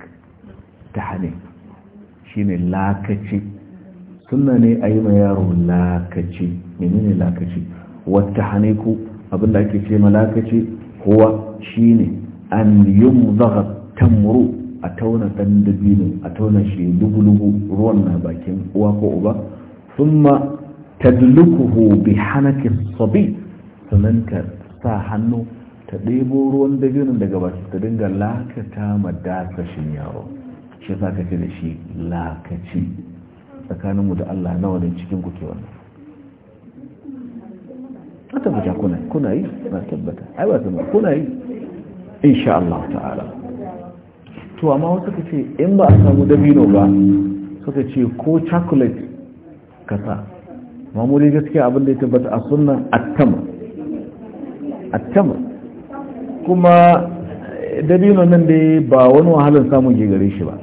A: tahanik shine lakaci sunna ne a yi ma yaro lakaci menene lakaci wata haniku abinda ake ce ma lakaci huwa shine an yumzagha tamuru a tauna dan dabino a tauna shi dubu ruwan na bakin uwa ko uba thumma tadlukuhu bi hanaki sabi sannan sa hannu ta ɗebo ruwan dabinin daga baki ta dinga lakata ma dakashin yaro shi sa ka da shi lakaci tsakaninmu da Allah nawa ne cikin ku ke wannan a tabbata kuna yi kuna yi na tabbata ai ba tabbata kuna yi insha Allah ta'ala to amma wasu ka ce in ba a samu dabino ba suka ce ko chocolate kasa mamuri gaskiya abin da ya tabbata a sunna A attama kuma dabino nan dai ba wani wahalar samun ke gare shi ba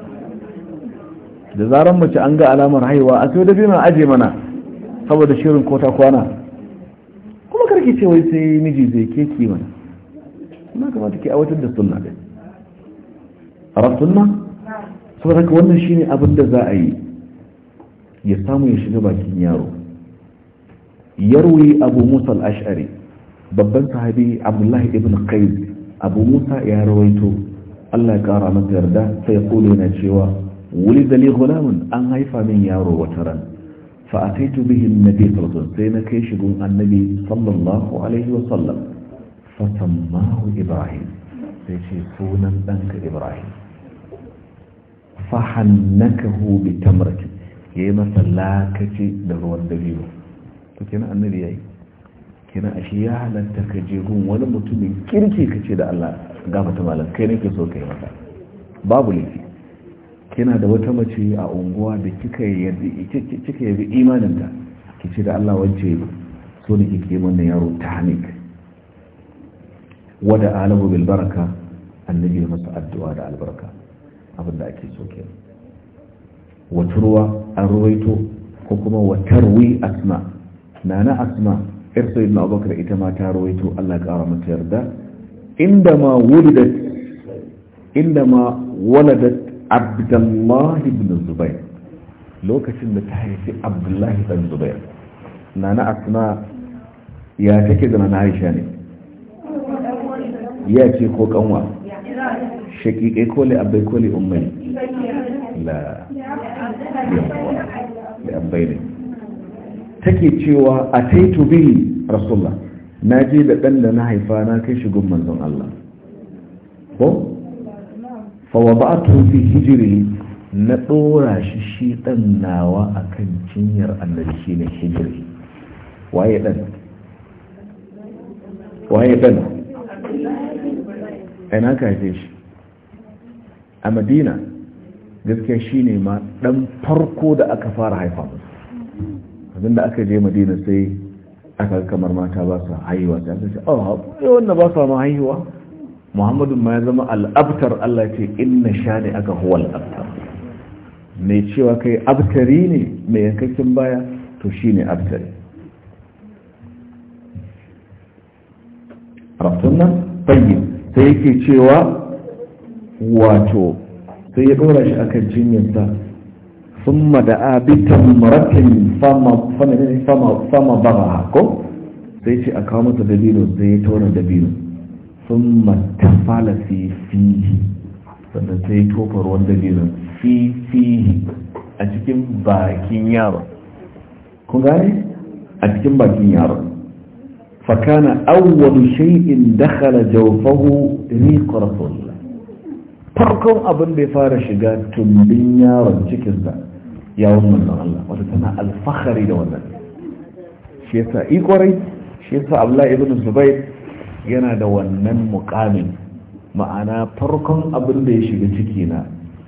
A: da zaren mace an ga alamar haihuwa a sai dabino aje mana saboda shirin ko ta kwana kuma karki ce wai sai miji zai ke ki mana kuma kamata ke awatar da sunna dai a rasunna saboda haka wannan shine abin da za a yi ya samu ya shiga bakin yaro yarwi abu musal ashari babban sahabi abdullahi ibn qais abu musa ya rawaito allah ya kara masa yarda sai ya kula yana cewa wuli zali gulamun an haifa min yaro wata ran fa ataitu bihi annabi sallallahu sai na kai shigun annabi sallallahu alaihi wa sallam fa sammahu ibrahim sai ce sunan danka ibrahim fa hannakahu bi tamratin yayi masa lakaci da ruwan dabino to kenan annabi yayi kenan ashe ya halatta ka je gun wani mutumin kirki ka ce da Allah mata malam kai nake so kai maka babu laifi kina da wata mace a unguwa da kika yi kika yi imanin ta ki ce da Allah wacce so ne kike mun yaro hanik wada alamu bil baraka annabi masa addu'a da albarka abin da ake so kenan wata ruwa an ruwaito ko kuma wata ruwi asma nana asma yar sayyidina abubakar ita ma ta rawaito Allah ƙara mata yarda indama wulidat ma waladat abdullah ibn zubair lokacin da ta haifi abdullah ibn zubair nana asma ya take da nana aisha ne
B: ya ce ko kanwa
A: shakike ko li abai ko li ummi
B: la ya abai ne
A: take cewa a taitu bi rasulullah na je da ɗan da na haifa na kai shi gun manzon Allah ko ba a fi hijiri na ɗora shi shi ɗan nawa akan cinyar annabi shi ne hijiri. waye ɗan waye ɗan ina ka haife shi a madina gaskiya shine ma ɗan farko da aka fara haifa musu abin da aka je madina sai aka kamar mata ba su haihuwa ta ce oh ne wanda ba su ma haihuwa muhammadu ma ya zama al'abtar allah ce inna sha ne aka huwa al'abtar mai cewa kai abtari ne mai yankakken baya to shi ne abtari raftun nan sai yake cewa wato sai ya ɗora shi akan sa sun mada'a bitan maratin fama bara ko sai ce a kawo masa dabino sai ya tona dabino sun matafala fi fihi sannan sai ya tofa ruwan dabino fi fihi a cikin bakin yaron kun gane a cikin bakin yaron fakana awwalu shay'in dakhala jawfahu riq rasulullah farkon abin da ya fara shiga tumbin yaron cikin sa. yawon manzan Allah wata tana alfahari da wannan shi yasa ikwarai shi yasa Abdullahi ibn Zubair yana da wannan muƙamin ma'ana farkon abin da ya shiga ciki na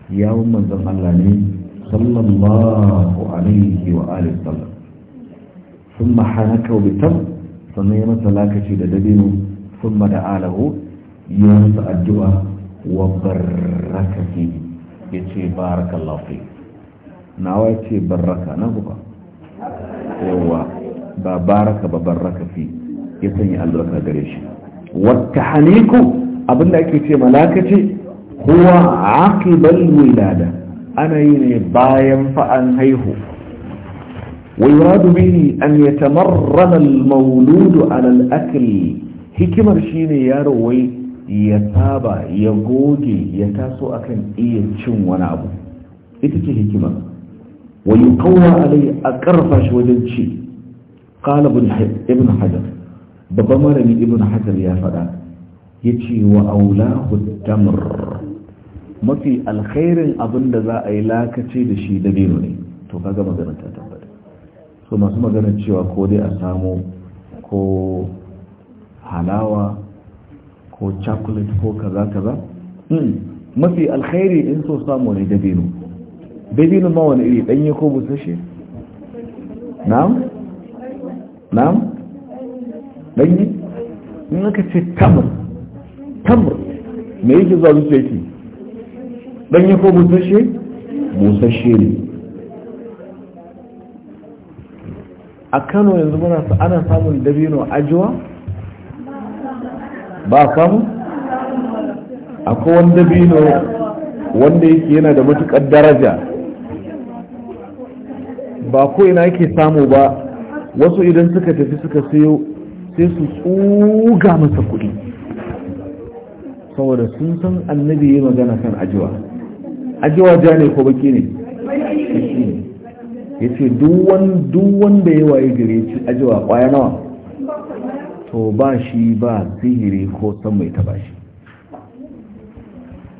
A: yawon manzan Allah ne sallallahu alaihi wa alihi sallam sun mahana wa sannan ya masa lakaci da dabino sun da alahu ya masa addu'a wa baraka ya ce barakallahu fi nawa ya ce barraka na kuka yawa ba baraka ba barraka fi ya sanya albarka gare shi wata haniku abinda ake ce malaka ce huwa aqibal wilada ana yi ne bayan fa'an haihu ويراد به أن يتمرن المولود على akli hikimar shine yaro wai ya saba ya goge ya taso akan iya cin wani abu ita ce hikimar kawo yuqawwa alai a karfa wajen ci qala ibn hajar babban malami ibn hajar ya faɗa ya ce wa aulahu tamr mafi alkhairin abin da za a yi lakace da shi da ne to kaga maganar ta tabbata so masu maganar cewa ko dai a samu ko halawa ko chocolate ko kaza kaza hmm, mafi alkhairi in so samu ne dabino dabinin ma wani iri ɗanye ko busashe na'am na'am ɗanye in aka ce tamar tamar me yake zuwa zuwa yake ɗanye ko busashe busashe ne a kano yanzu muna ana samun dabino ajiwa
B: ba samu akwai wani dabino wanda yake yana da matuƙar daraja
A: ba ko ina yake samu ba wasu idan suka tafi suka sayo sai su tsuga masa kuɗi saboda sun san annabi ya magana kan ajiwa ajiwa ja ne ko baki ne ya ce duk wanda ya yi gare ci ajiwa kwaya nawa to ba shi ba sihiri ko san mai taba shi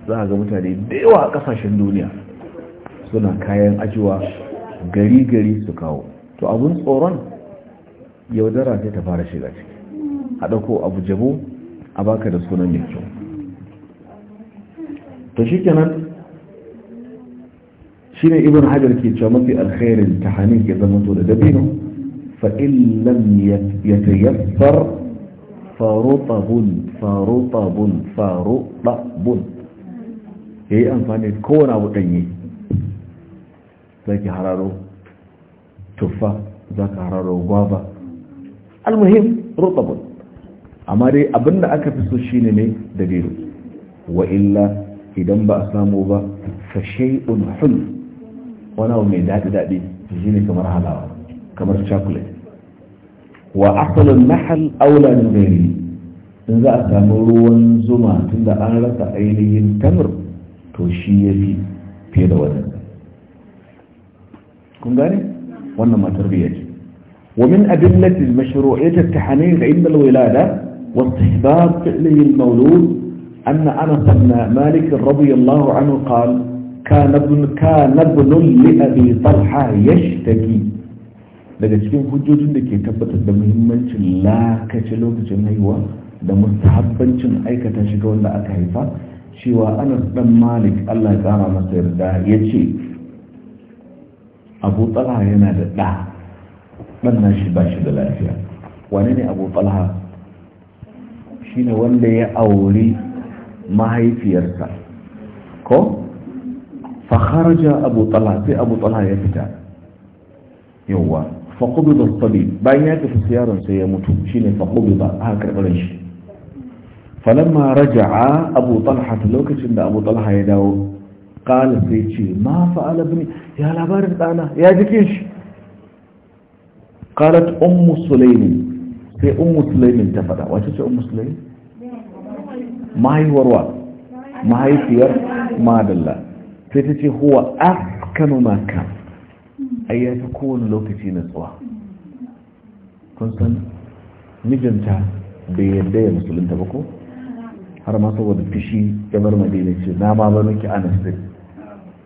A: za a ga mutane da yawa a kasashen duniya suna kayan ajiwa gari gari su kawo to abun tsoron yaudara sai ta fara shiga ciki a ɗauko abu jabo a baka da sunan mai kyau to shi kenan shi ne ibn hajar ke cewa mafi alkhairin ta hannun ke zama to da dabino fa'in nan ya tayyafar farotabun faro farotabun ya yi amfani kowane abu ɗanye zaki hararo tuffa za ka hararo gwaba almuhim rutabun amma dai abinda aka fi so shine ne da biyu wa illa idan ba a samu ba fa shay'un hul wani abu mai daɗi daɗi shine kamar halawa kamar chocolate wa asalin nahal aula min ghairi in za a samu ruwan zuma tunda an rasa ainihin tamr to shi fi fiye da wannan kun gane wannan ma tarbiyya ce wa min adillati al-mashru'iyyah at-tahaniq 'inda al-wilada wa istihbab fi'lihi al-mawlud أن أنس بن مالك رضي الله عنه قال كان ابن كان ابن لأبي طلحة يشتكي daga cikin hujjojin da ke tabbatar da muhimmancin lakace lokacin haihuwa da mustahabbancin aikata shiga wanda aka haifa cewa anas dan malik allah ya kara masa yarda ya ce abu talha yana da ɗa ɗan na shi ba shi da lafiya wane ne abu talha shi ne wanda ya auri mahaifiyarsa ko fakharja abu talha sai abu talha ya fita yawwa faqubida tabi bayan ya tafi siyaran sai ya mutu shi ne shine faqubida aka karbarin shi falamma raja'a abu talha lokacin da abu talha ya dawo kala sai ce ma fa'ala bin ya labarin dana ya jikin shi kalat ummu sulaimin sai ummu sulaimin ta faɗa wace ce ummu sulaimin mahaifiyar madalla sai ta ce huwa askanu maka ai ya fi kowane lokaci na tsawa kun san mijinta bai yadda ya musulunta ba ko har ma saboda fishi ya bar madina ce na ma bar miki anasir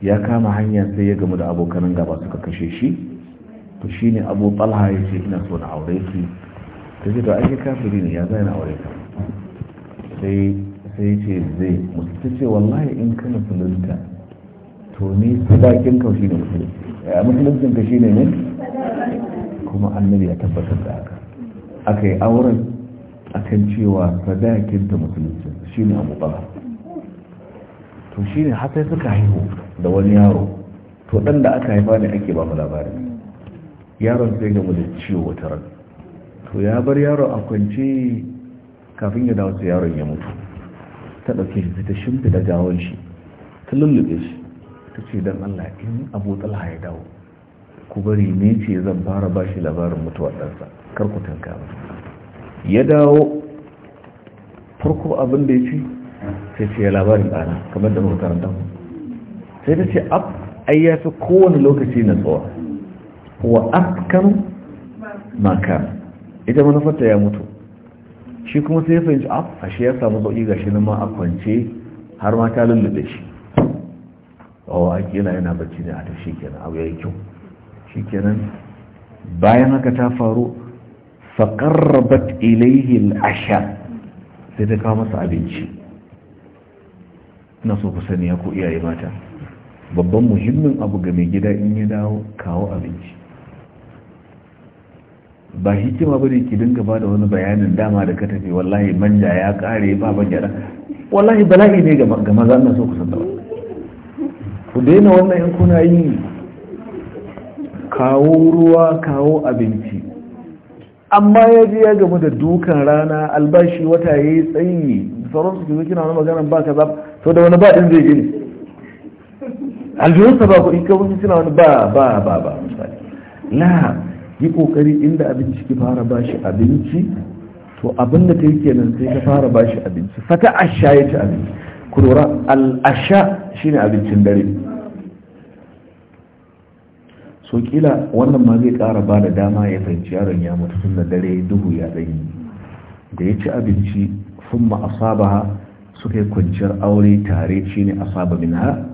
A: ya kama hanya sai ya gamu da abokanin gaba suka kashe shi to shi ne abu talha ya ce ina so na aure su. ta ce to ake kafiri ne ya zai na aure ka sai sai ce zai ta ce wallahi in ka musulunta to ni sadakin ka ne musulunci A musuluncin ka shi ne ne? kuma annabi ya tabbatar da haka aka yi auren akan cewa sadakin ta musulunci shine abu talha to shi har sai suka haihu da wani yaro to dan da aka haifa ne ake ba mu labari yaron sai ga mu da ciwo wata ran to ya bar yaro a kwance kafin ya dawo yaron ya mutu ta ɗauke shi ta shimfida gawon shi ta lullube shi ta ce dan Allah in Abu Talha ya dawo ku bari ne ce zan fara ba shi labarin mutuwar ɗansa kar ku tanka ba ya dawo farko abin da ya ce sai ce labarin ɗana kamar da muka mu sai ta ce ab ai ya fi kowane lokaci na tsawa wa afkan maka ita manufarta ya mutu shi kuma sai ya fahimci ab a shi ya samu sauƙi ga shi ma a kwance har ma ta lullube shi wawa ake yana yana bacci ne a ta shi kenan abu ya yi kyau shi kenan bayan haka ta faru faƙarrabat ilaihi al'asha sai ta kawo masa abinci na so ku sani ya ku iyaye mata babban muhimmin abu ga mai gida in ya dawo kawo abinci ba hikima ba ne ki dinga ba da wani bayanin dama da ka tafi wallahi manja ya kare ba ban gyara wallahi bala'i ne ga maza na so ku san gaba ku daina wannan in kuna yi kawo ruwa kawo abinci amma ya je ya gamu da dukan rana albashi wata ya yi tsayi sauransu ki zo kina wani magana ba ka zaba to da wani ba din zai gini aljihunsa ba kuɗi ka wani suna wani ba ba ba ba misali na yi kokari inda abinci ki fara bashi abinci to abin da ta yi kenan sai ka fara bashi abinci fata asha ya ci abinci kurora al'asha shi ne abincin dare so kila wannan ma zai ƙara ba da dama ya fahimci yaron ya mutu tun da dare duhu ya ɗanyi da ya ci abinci sun asaba suka yi kwanciyar aure tare shi shine asaba min ha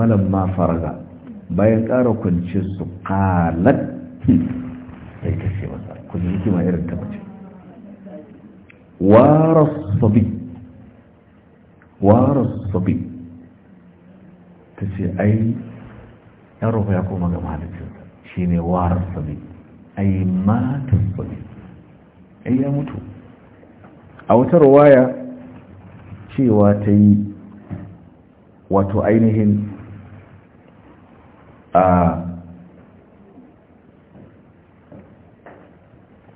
A: falon ma faraga bayan ƙara kunci su ƙalar sai ta ce masa kun yi kima irin ta mace waras sabi ta ce ai yan rufa ya koma ga mahalicinsa shi ne waras sabi ai mata sabi ai ya mutu a wata ruwaya cewa ta yi wato ainihin a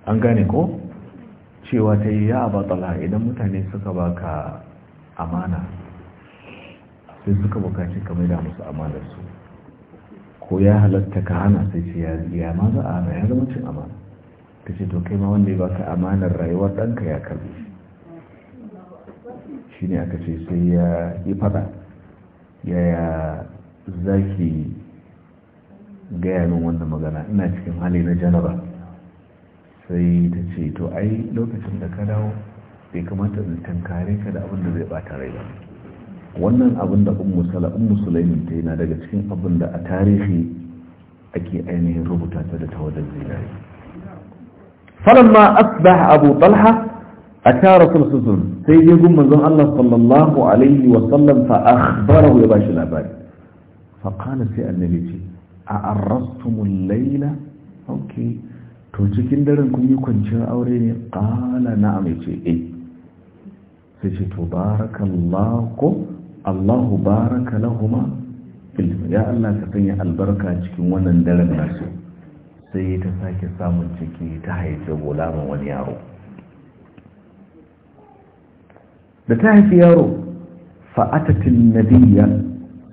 A: an gane ko cewa ta yi ya abatala idan mutane suka baka amana sai suka bukaci kamar da musu amanarsu ko ya halatta ka hana sai ce ya ma za a ya zama amana ta ce to kai ma wanda ya baka amanar rayuwar ɗanka ya karbi shi ne aka ce sai ya yi fada yaya zaki gaya min wannan magana ina cikin hali na janaba sai ta ce to ai lokacin da ka dawo bai kamata in tankare ka da abin da zai bata rai ba wannan abin da ummu sala ummu sulaimin ta yana daga cikin abin da a tarihi ake ainihin rubuta ta da ta tawadar zinari falamma asbah abu talha ata rasul sun sai dai gun manzon Allah sallallahu alaihi wa sallam fa akhbarahu ya bashi labari fa qala sai annabi ce a arrastumul laila okay to cikin daren kun yi kwanciyar aure ne qala na'am amince eh sai ce to barakallahu Allahu baraka lahuma ya Allah ka sanya albarka cikin wannan daren nasu sai ta sake samun ciki ta haifi gulamin wani yaro da ta haifi yaro fa'atatin nabiyya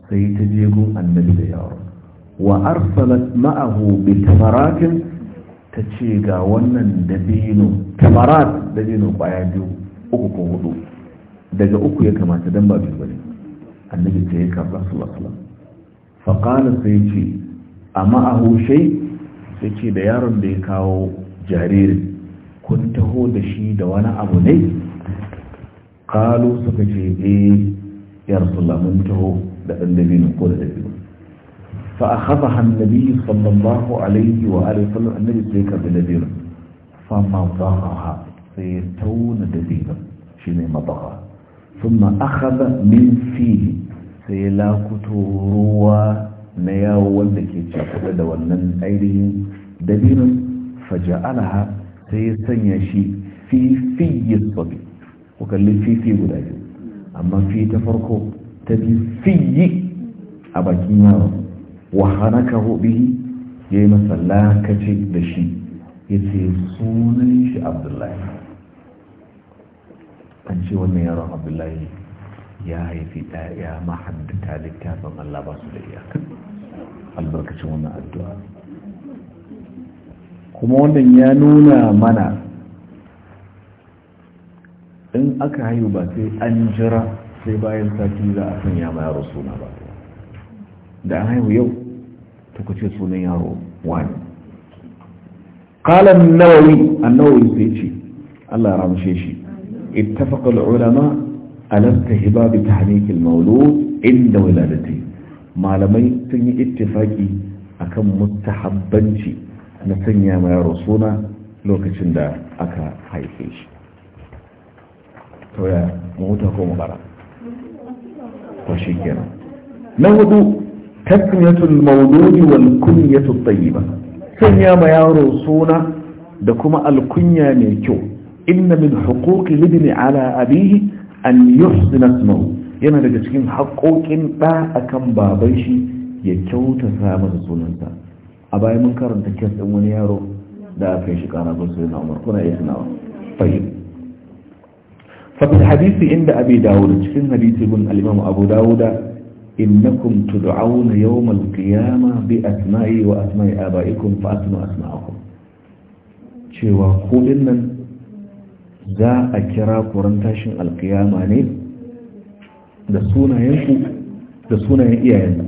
A: sai ta je gun annabi da yaro wa arsalat ma'ahu bi tamaratin ta ce ga wannan dabino tamarat dabino kwaya biyu uku ko hudu daga uku ya kamata dan ba biyu bane annabi ce ya karba sallallahu alaihi wasallam sai ce a ma'ahu shay sai ce da yaron da ya kawo jaririn kun taho da shi da wani abu ne kalu suka ce eh ya rasulullah mun taho da dan dabino ko da dabino فأخذها النبي صلى الله عليه وآله وسلم النبي سيكا بنذير فمضغها سيتون دبيبا شيني مضغها ثم أخذ من فيه سيلاكت روى نيا ولدك يتشاكد ونن أيديهم دبير فجعلها يشي في في الصبي وكان لي في في ولاجه أما في تفرقه تبي في أبا كينيا wa harakahu bihi yayi masa lakace da shi yace sunan shi Abdullahi an ce wannan yaron Abdullahi ya haifi ɗaya mahaddata littafin Allah ba su da iyaka albarkacin wannan addu'a kuma wannan ya nuna mana in aka haihu ba sai an jira sai bayan sati za a sanya ma yaro suna ba da an haihu yau ta ku ce sunan yaro wani kalan nawawi a sai ce Allah ya ramshe shi ittafaqa al-ulama ala istihbab tahnik al inda wiladati malamai sun yi ittifaki akan mustahabbanci na sanya ma yaro suna lokacin da aka haife shi to ya mu ko mu bara to shi kenan na hudu tasmiyatul mauludi wal kunyatu tayyiba sanya ma yaro suna da kuma alkunya mai kyau inna min huquqi libni ala abihi an yuhsina ismahu yana daga cikin haƙoƙin ɗa akan baban shi ya kyauta samun sunansa a baya mun karanta kes ɗin wani yaro da aka yi shi ƙara gun na umar kuna iya tunawa fayyib fa bil hadisi inda abi dawud cikin hadisi bin al-imam abu dawuda innakum tud'auna yawmal qiyama bi asma'i wa asma'i aba'ikum fa asma asma'akum cewa ku dinnan za a kira kuran tashin alkiyama ne da sunayenku da sunayen iyayenku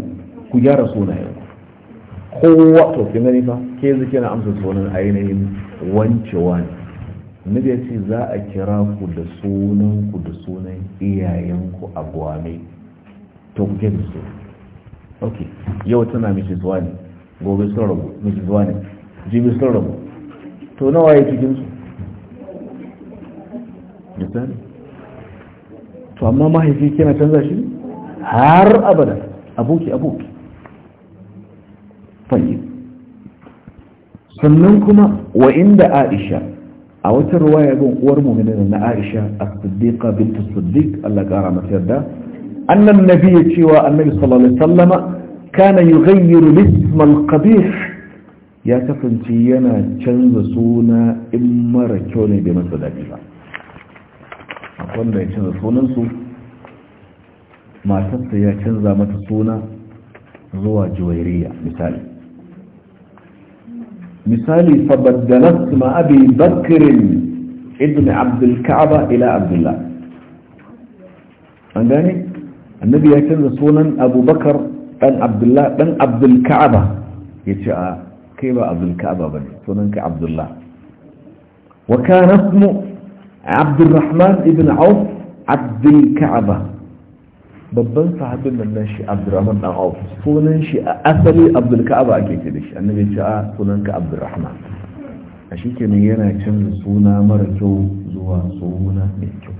A: ku gyara sunayenku kowa to kin gani fa ke zuke na amsa sunan ainihin wancewa ne annabi ya ce za a kira ku da sunanku da sunan iyayenku a to ku kai ok yau tana mishi zuwa ne gobe sun rabu mishi zuwa ne jibi sun rabu to nawa ya cikin su misali to amma mahaifi kina canza shi har abada aboki aboki fayyi sannan kuma wa inda aisha a wata ruwaya gun uwar mu na aisha as-siddiqa bint as-siddiq Allah kara mata yarda أن النبي شوى النبي صلى الله عليه وسلم كان يغير الاسم القبيح يا كفنتينا تشنز سونا إما ركوني بمثل أجلال أقول لي تشنز سونا نسو ما تبت يا تشنز ما تسونا جويرية مثالي مثالي فبدلت اسم أبي بكر ابن عبد الكعبة إلى عبد الله عندني annabi ya canza sunan abubakar dan abdullah dan abdul ka'aba ya ce a kai ba abdul ka'aba ba ne sunanka abdullah wa kana ismu abdurrahman ibn auf abdul ka'aba babban sahabin nan nan shi abdurrahman dan auf sunan shi a asali abdul ka'aba ake ce da shi annabi ya ce a sunanka abdurrahman a shi kenan yana canza suna mara kyau zuwa suna mai kyau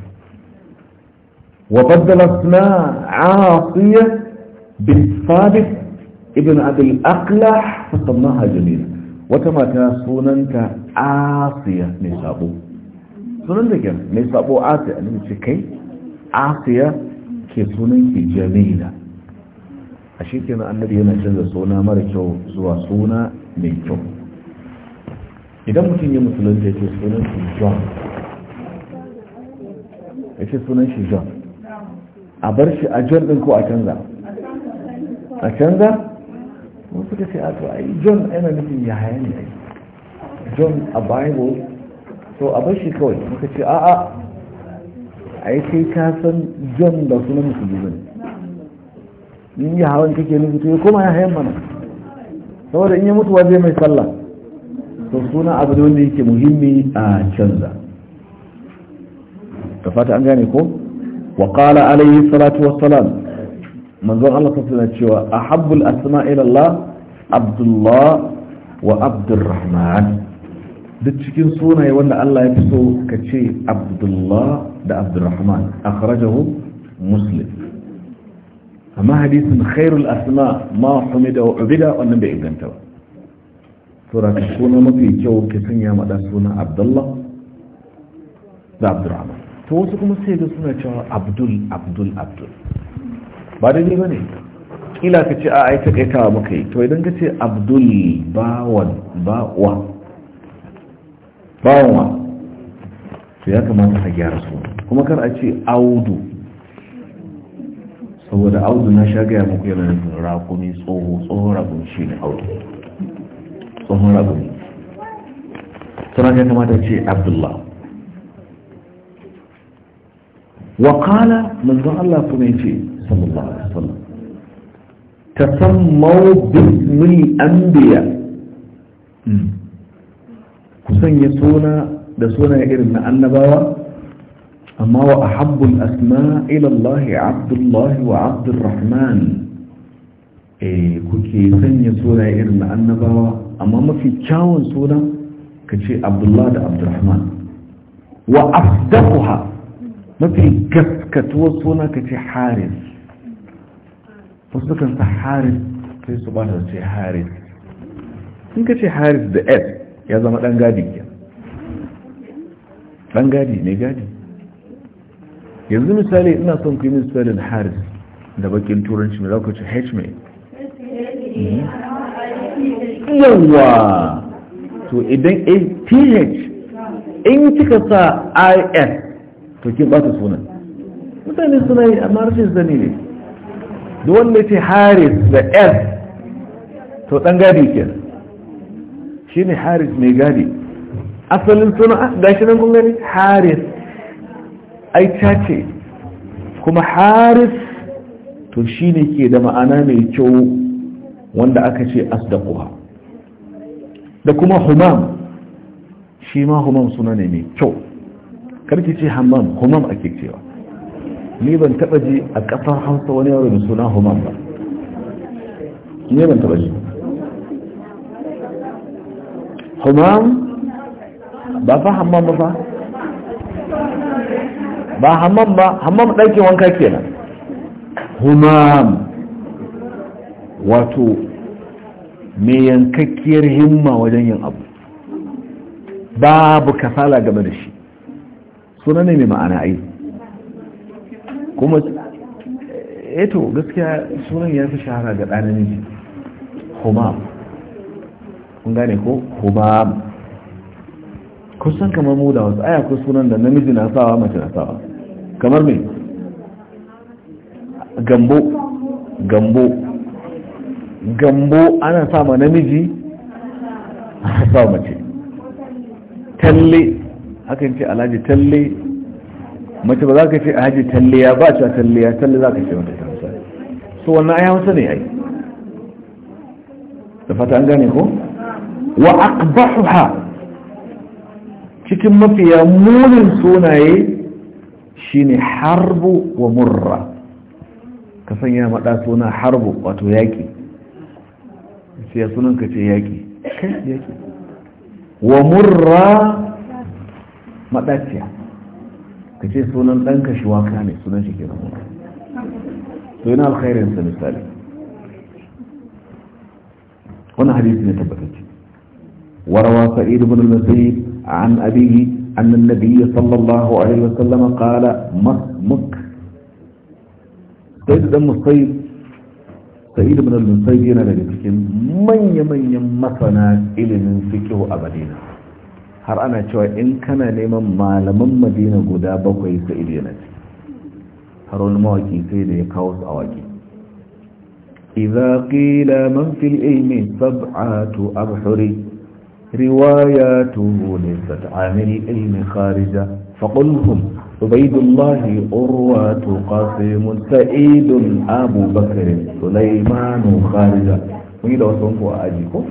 A: وبدل اسماء عاصية بالثابت ابن أبي الاقلح فصمناها جميلة وتما كان سنن عاصيه نسابو سنن ذلك نسابو عاصية أنه شكي عاصية كسنن كجميلة أشيء انا النبي هنا شنز سنة مرشو سوى سنة ميشو إذا ممكن يوم سنن كسنن كجميلة أشيء سنن كجميلة a bar shi a john ɗin ko a canza a canza wasu suka ce a to ai john yana nufin ya haya ne ai john a bible so a bar shi kawai muka ce a'a ai kai ka san john da sunan musulmi ne ni yi hawan kake nufi to ya koma ya haya mana saboda in ya mutuwa zai mai sallah to suna abu da wanda yake muhimmi a canza ta fata an gane ko wa qala alayhi salatu wa salam manzon Allah sallallahu alaihi cewa ahabbul asma ila Allah Abdullah wa Abdurrahman duk cikin sunaye wanda Allah ya fi so ka ce Abdullah da Abdurrahman akhrajahu Muslim amma hadisin khairul asma ma humida wa ubida wannan bai inganta ba sura ta suna mafi kyau ka sanya mada suna Abdullah da Abdurrahman to wasu kuma sai ga suna cewa abdul abdul abdul ba ne ba ne kila ka ce a ai tawa muka yi to idan ka ce abdul bawan bawa bawanwa to ya kamata a gyara su kuma kar a ce audu saboda audu na sha gaya muku yana da rakumi tsoho tsohon rabu shi ne audu tsohon rakumi sannan ya kamata ce Abdullahi. wa qala manzon Allah kuma yace sallallahu alaihi wasallam tasammau bismil anbiya hmm. ku sanya suna da suna irin na annabawa amma wa ahabbul asma ila Allah Abdullah wa Abdurrahman eh kuke sanya suna irin na annabawa amma mafi kyawun suna kace Abdullah da Abdurrahman wa afdaquha mafi gaskatuwar suna ka ce haris wasu kan sa haris sai su ba ta ce haris sun ka ce haris da s ya zama ɗan gadi ɗan gadi ne gadi yanzu misali ina son ku yi misalin haris da bakin turanci mai zaka ce h mai
B: hmm? yawa
A: to idan a ph in kika sa is to kin ba su sunan mutane suna yi amma rashin sani ne da wanda ce haris da s to dan gadi ke. Shi ne haris mai gadi asalin suna ah, gashi nan gungani gani haris ai ce kuma haris to ne ke da ma'ana mai kyau wanda aka ce asdaquha da kuma humam shi ma humam suna ne mai kyau karki ce hammam humam ake cewa ni ban taba ji a kasar hausa wani yaro da suna humam ba ni ban taba ji
B: humam ba fa hammam ba fa
A: ba hammam ba hammam ɗakin wanka kenan humam wato mai yankakkiyar himma wajen yin abu babu kasala game da shi suna ne mai ma'ana ai kuma eto eh gaskiya sunan ya fi shahara ga ɗanin namiji. humam kun gane ko humam kusan kamar mu da wasu aya ko sunan da namiji na sawa mace na sawa kamar me gambo gambo gambo ana sama namiji a sawa mace talle hakan ce alhaji talle mace ba za ka ce alhaji talle ya ba ta talle ya talle za ka ce mata ta misali so wannan ai hausa ne yi da fata an gane ko wa ha cikin mafiya munin sunaye shine harbu wa murra ka sanya maɗa suna harbu wato yaƙi sai ya sunan ka ce yaƙi yaƙi wa murra maɗaciya ka ce sunan ɗanka shi waka ne sunan shi ke rahoto, to yana alkhairinsa misali wani hadisi ne tabbatacce warawa sa'id ibn al-musayyib an abihi sallallahu alaihi wa الله عليه وسلم قال مك سيد دم الصيد سيد بن yana ينا لكن manya-manyan masana ilimin من a أبدينا har ana cewa in kana neman malaman madina guda bakwai sai da yana har wani mawaki sai da ya kawo su a waƙi إذا قيل من في العلم سبعة أبحر رواياته ليست عن العلم خارجة فقلهم عبيد الله أروة قاسم سعيد أبو بكر سليمان خارجة وإذا وصنفوا أجيكم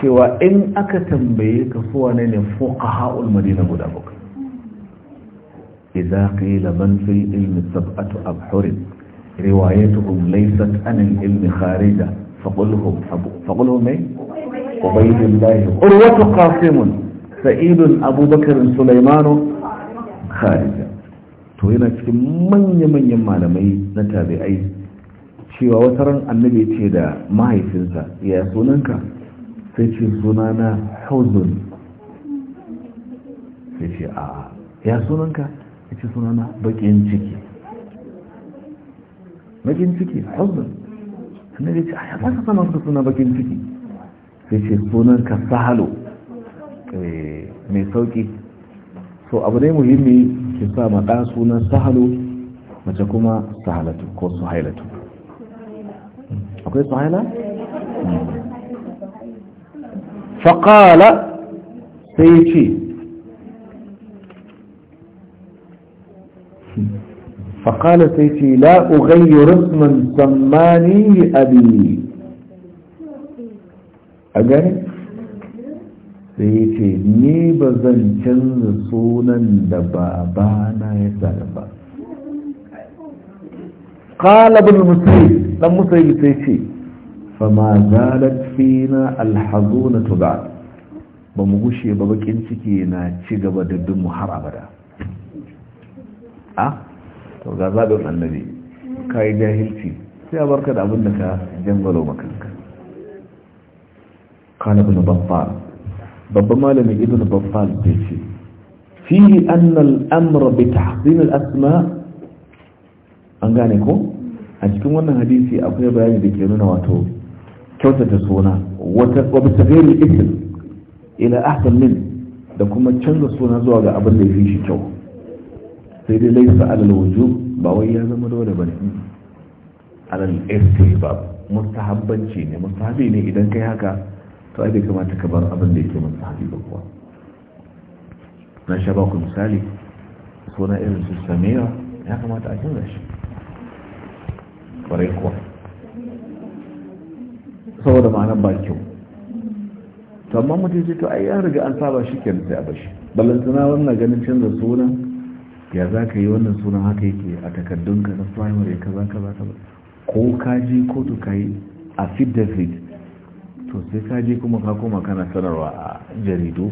A: cewa in aka tambaye ka suwa ne ne fuqaha'ul madina guda bakwai idza qila man fil ilmi sab'atu abhurin riwayatuhum laysat an al ilmi kharija faqulhum abu faqulhum ay ubaydillah urwatu qasim sa'id abu bakr sulaiman kharija to yana cikin manya manyan malamai na tabi'ai cewa wata ran annabi ce da mahaifinsa ya sunanka sai ce sunana hauzun sai ce a ya sunanka ya ce sunana bakin ciki bakin ciki hauzun sannan ya ce a ya fasa sama su suna bakin ciki sai ce sunanka sahalo eh, mai sauki so abu ne muhimmi ki sa ma ɗan sunan sahalo mace kuma sahalatu ko suhailatu akwai suhaila? Hmm. faƙala sai ce faƙala sai ce la'ugayi rusman sammani abi a gani sai ya ce ni ba zan canza sunan da babana ya sami ba ƙalabin musayi ɗan musayi sai ce fama zalat fina alhazuna to ba mu gushe ba bakin ciki na ci gaba da dun mu har abada a ah, to ga zaɓin annabi ka yi jahilci sai a barka da abin da ka jangalo makanka kana bin baffal babban malamin ibn baffal bai ce fihi annal amra bi tahzim al asma an gane ko a cikin wannan hadisi akwai bayani da ke nuna wato kyautata suna wata tsagayin isim ila ahsan min da kuma canza suna zuwa ga abin da ya fi shi kyau sai dai laisa alal wujub ba wai ya zama dole bane alal istihbab mustahabbanci ne mustahabi ne idan kai haka to ai bai kamata ka bar abin da yake mustahabi ba kuwa na sha ba ku misali suna irin su samira ya kamata a canza shi kuwa saboda ma'anar ba kyau to amma mutum ce to ai ya riga an saba shi kenan sai a bashi ballantana wannan ganin canza sunan ya za ka yi wannan sunan haka yake a takardunka na primary kaza kaza ka ko ka je kotu ka yi a fit da fit to sai ka je kuma ka koma kana sanarwa a jaridu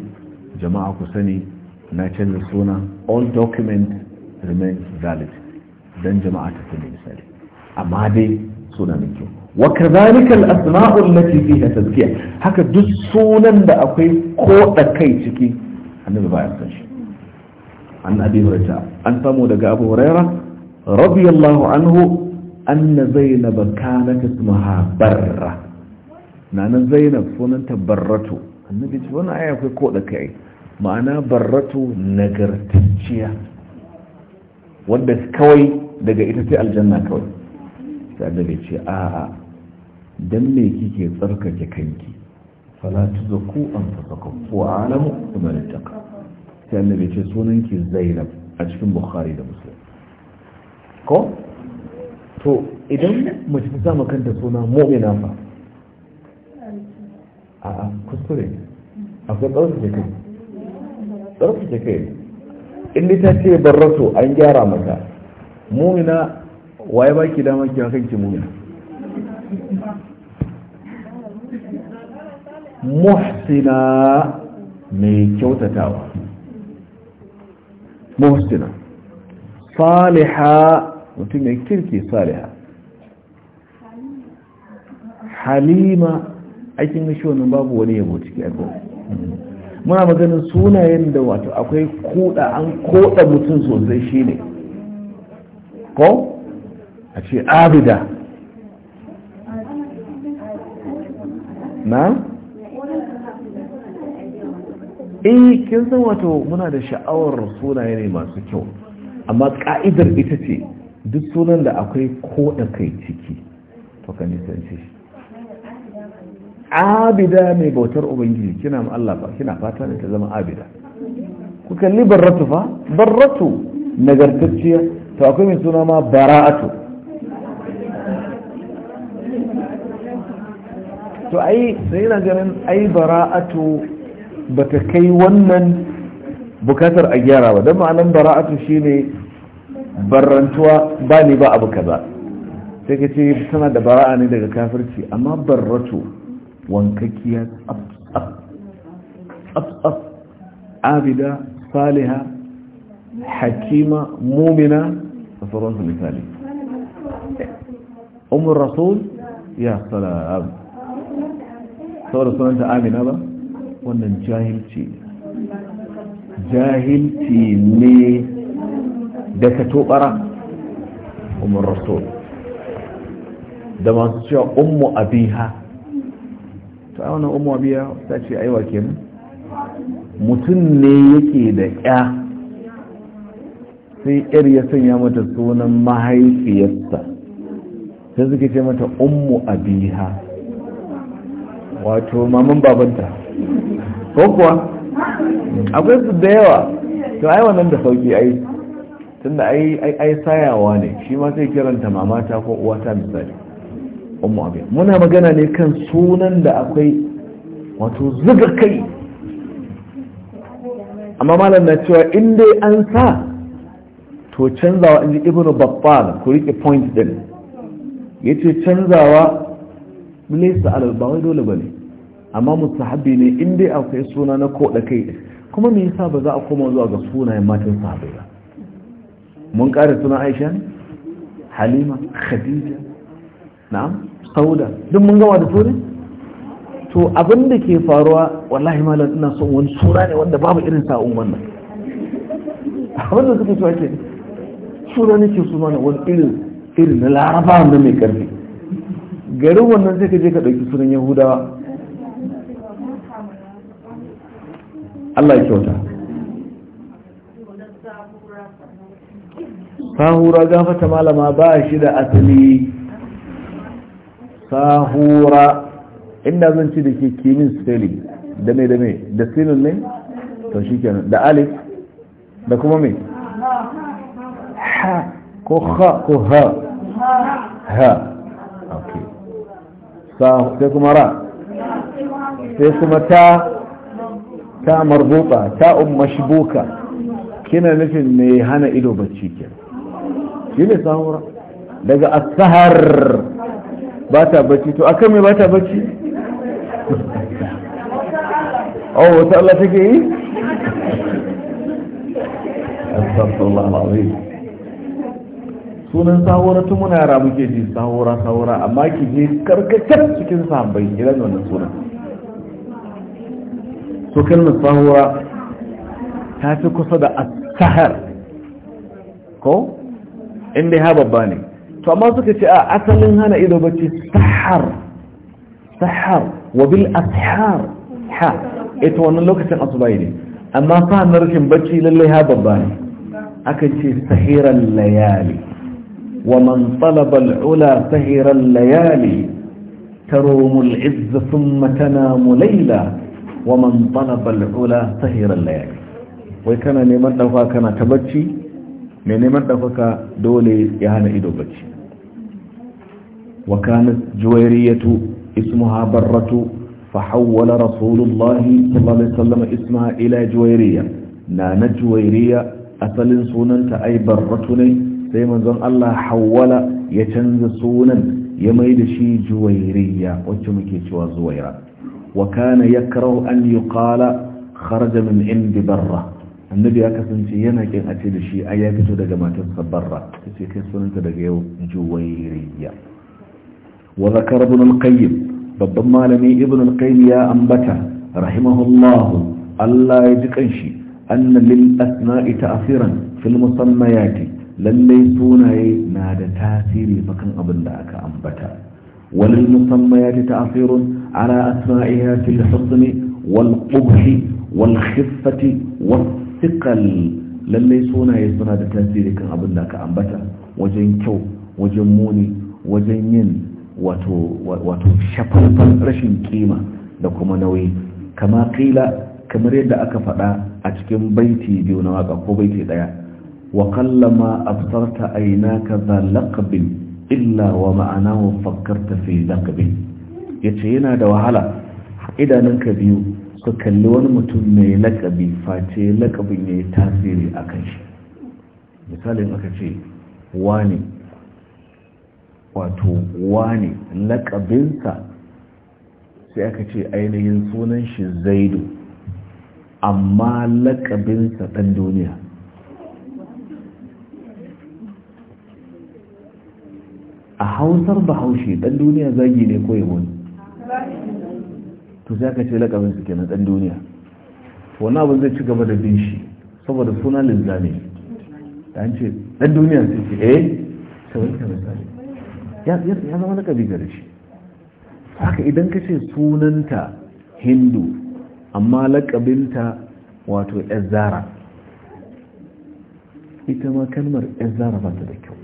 A: jama'a ku sani na canza suna all document remains valid dan jama'a ta sani misali amma dai suna mai kyau wa kadhalika al-asma'u allati fiha tazkiya haka duk sunan da akwai ko da kai ciki annabi baya san shi an abi hurairah an samu daga abu hurairah radiyallahu anhu anna zainab kanat ismaha barra nana zainab sunanta barratu annabi ce ko da kai ma'ana barratu nagartacciya wanda kawai daga ita sai aljanna kawai ce a'a dan me kike tsarkake kanki fala tuzaku anfusakum wa alamu kuma ittaqa sai annabi ce sunan ki Zainab a cikin Bukhari da Muslim ko to idan mace ta zama kanta suna mu'mina fa a'a kuskure akwai tsarkake kai tsarkake kai in ta ce barrasu an gyara mata mumina waye baki dama ki kanki mumina muhsina mai kyautatawa muhsina saliha mutum mai kirki saliha halima aikin gashi wannan babu wani yabo ciki aiko muna maganin sunayen da wato akwai koda an koda mutum sosai shine ko a ce abida na eh kin san wato muna da sha'awar sunaye ne masu kyau amma ka'idar ita ce duk sunan da akwai ko da kai ciki to kan nisanci shi abida mai bautar ubangiji kina ma Allah ba kina fata ne ta zama abida ku kalli barratu fa barratu nagartacciya to akwai mai suna ma bara'atu to ai sai na ganin ai bara'atu ba ta kai wannan bukatar a gyara ba don ma'anan bara'atu shi ne barrantuwa ba ne ba abu kaza sai ka ce tana da bara'a ne daga kafirci amma baratu wankakkiya tsaf abida saliha
B: hakima
A: mumina da sauransu misali umar rasul ya salam saboda sunanta amina ba wannan jahilci
B: jahilci ne
A: da ka tobara umar rasul da masu cewa ummu abiha ta yi wannan ummu abiha ta ce aiwa kenan mutum ne yake da ya sai yar ya sanya mata sunan mahaifiyarsa sai suke ce mata ummu abiha wato maman babanta ko kuwa akwai su da yawa to ai wannan da sauki ai tunda ai ai sayawa ne shi ma sai kiranta mamata ko uwata misali umma abin muna magana ne kan sunan da akwai wato zuga kai amma malam na cewa in dai an sa to canzawa in ji ibnu babbal ku rike point din yace canzawa bilisa alal ba dole bane amma musahabi ne in dai akwai suna na koda kai kuma me yasa ba za a koma zuwa ga sunayen matan sahabbai ba mun ƙara suna Aisha ne Halima Khadija na'am Sauda duk mun gama da ne to abin da ke faruwa wallahi malam ina son wani sura ne wanda babu irin un wannan abin da suke cewa ke sura ne ke suna wani irin irin na laraba wanda mai karfi garin wannan sai ka je ka ɗauki sunan yahudawa Allah ya kyauta sahura gafata malama ba shi da asali sahura inda zan ci da ke kimin spelling da mai da mai da sinin ne to shi kenan da alif da kuma mai ha ko ha ko ha
B: ha ok
A: sai kuma ra
B: sai kuma ta
A: ta marbuta ta mashbuka kina nufin me hana ido bacci ke shi ne sahura daga asahar ba ta bacci to akan me ba ta bacci oh wata Allah take yi
B: astaghfirullah
A: alazim sunan sahura tun muna yara muke ji sahura sahura amma ki je karkatar cikin sahabbai idan wannan sunan سو كلمة طهورة هاتو كصدا السحر كو عندي هابا باني تو ما سو كتي اعتل آه، هنا اذا بتي سحر سحر وبالاسحار ها اتو ان لو كتي اصبا اما فان نركن بتي للي هابا باني اكتي سحير الليالي ومن طلب العلا سحير الليالي تروم العز ثم تنام ليلا wa man talaba al-ula tahira al wai kana neman dafa kana ta bacci mai neman dafa dole ya hana ido bacci wa kana juwayriyatu ismuha barratu fa hawwala rasulullah sallallahu alaihi wasallam ismaha ila juwayriya na na asalin sunanta ay ne sai manzon Allah hawwala ya canza sunan ya mai da shi juwayriya wacce muke cewa zuwaira وكان يكره أن يقال خرج من عند بره annabi ya kasance yana kin a ce da shi a ya fito daga matar sabarra ta ce kai sunanta daga yau juwairiyya wa zakar ibn al-qayyim babban malamin ibn al-qayyim ya ambata rahimahullahu Allah ya ji kanshi anna lil asna'i ta'siran fil musammayati lalle sunaye na da tasiri bakan abin da aka ambata wal ta ta'sirun على أسمائها في الحصن والقبح والخفة والثقل lallai sunaye suna da tasiri kan abin da ka ambata wajen kyau wajen muni wajen yin wato shafafan rashin kima da kuma nauyi kama kila kamar yadda aka faɗa a cikin baiti biyu na waka ko baiti ɗaya wa kallama absarta ainaka za laqabin illa wa ma'anahu fakkarta fi laqabin ya ce yana da wahala idanunka biyu su kalli wani mutum mai lakabi face lakabin ya yi tasiri a kan shi misalin aka ce wane wato wani lakabinsa sai aka ce ainihin sunan shi zaidu amma lakabinsa ɗan duniya a hausar bahaushe ɗan duniya zagi ne ko yabo to sai aka ce lakabin su kenan dan duniya wani abu zai ci gaba da bin shi saboda suna linzami da an ce dan duniya sai ce eh sai misali ya ya zama lakabi gare shi haka idan ka ce sunanta hindu amma lakabinta wato ezara ita ma kalmar ezara ba ta da kyau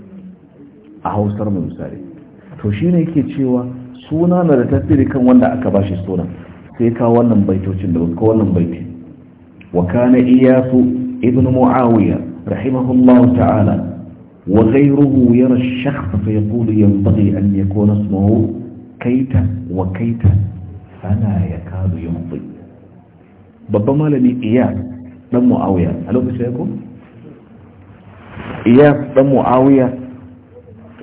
A: a hausar mai misali to shi ne yake cewa suna na da tasiri kan wanda aka bashi suna sai ka wannan baitocin da ka wannan baiti wa kana iyasu ibn muawiya rahimahullahu ta'ala wa ghayruhu yara ash-shakhs fa yaqulu yanbaghi an yakuna ismuhu kaita wa kaita ana yakadu yumdi babban malami iyas dan muawiya a lokacin ya ko iyas dan muawiya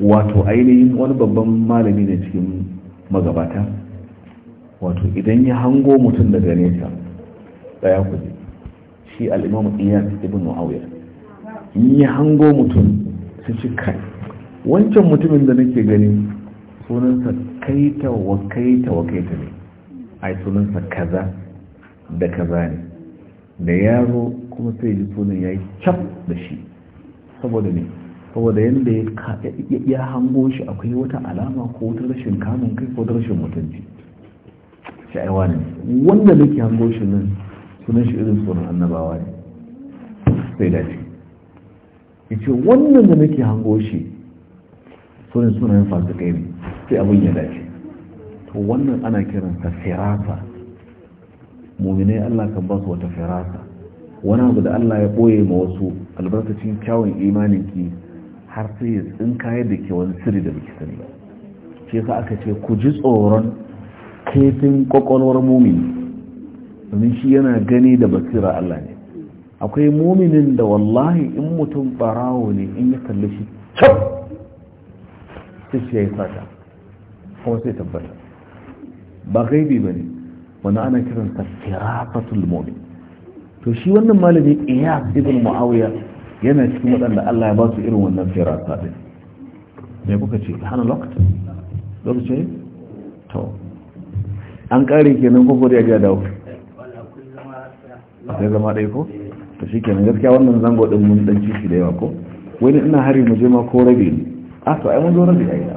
A: wato ainihin wani babban malami ne cikin magabata wato idan ya hango mutum daga nesa daya kuje shi al'imamu iyas ibn muawiya in ya hango mutum su ci kai wancan mutumin da nake gani sunansa kaita wa kaita wa kaita ne ai sunansa kaza da kaza ne da yaro kuma sai ji sunan ya yi cap da shi saboda ne saboda yadda ya hango shi akwai wata alama ko wata rashin kamun kai ko rashin mutunci sha'awa ne wanda nake hango shi nan sunan shi irin sunan annabawa ne sai dace ya ce wannan da nake hango shi sunan sunan kai ne sai abin ya dace to wannan ana kiransa firasa muminai allah kan ba su wata firasa wani abu da allah ya ɓoye ma wasu albarkacin kyawun imanin ki har sai ya tsinka da ke wani sirri da baki sani ba shi yasa aka ce ku ji tsoron kaifin kwakwalwar mumini domin shi yana gani da basira Allah ne akwai muminin da wallahi in mutum barawo ne in ya kalli shi cok sai shi ya yi sata kuma sai tabbata ba gaibi ba ne wani ana kiransa firafatul mumin to shi wannan malami iya ibn muawiya yana cikin waɗanda Allah ya ba su irin wannan firasa din me kuka ce hana lokacin ce to an ƙare kenan ko ko da ya dawo sai zama ɗaya ko ta shi kenan gaskiya wannan zango ɗin mun ɗan shi da yawa ko wani ina hari mu je ma ko rabi ne a ah, to ai mun zo rabe ai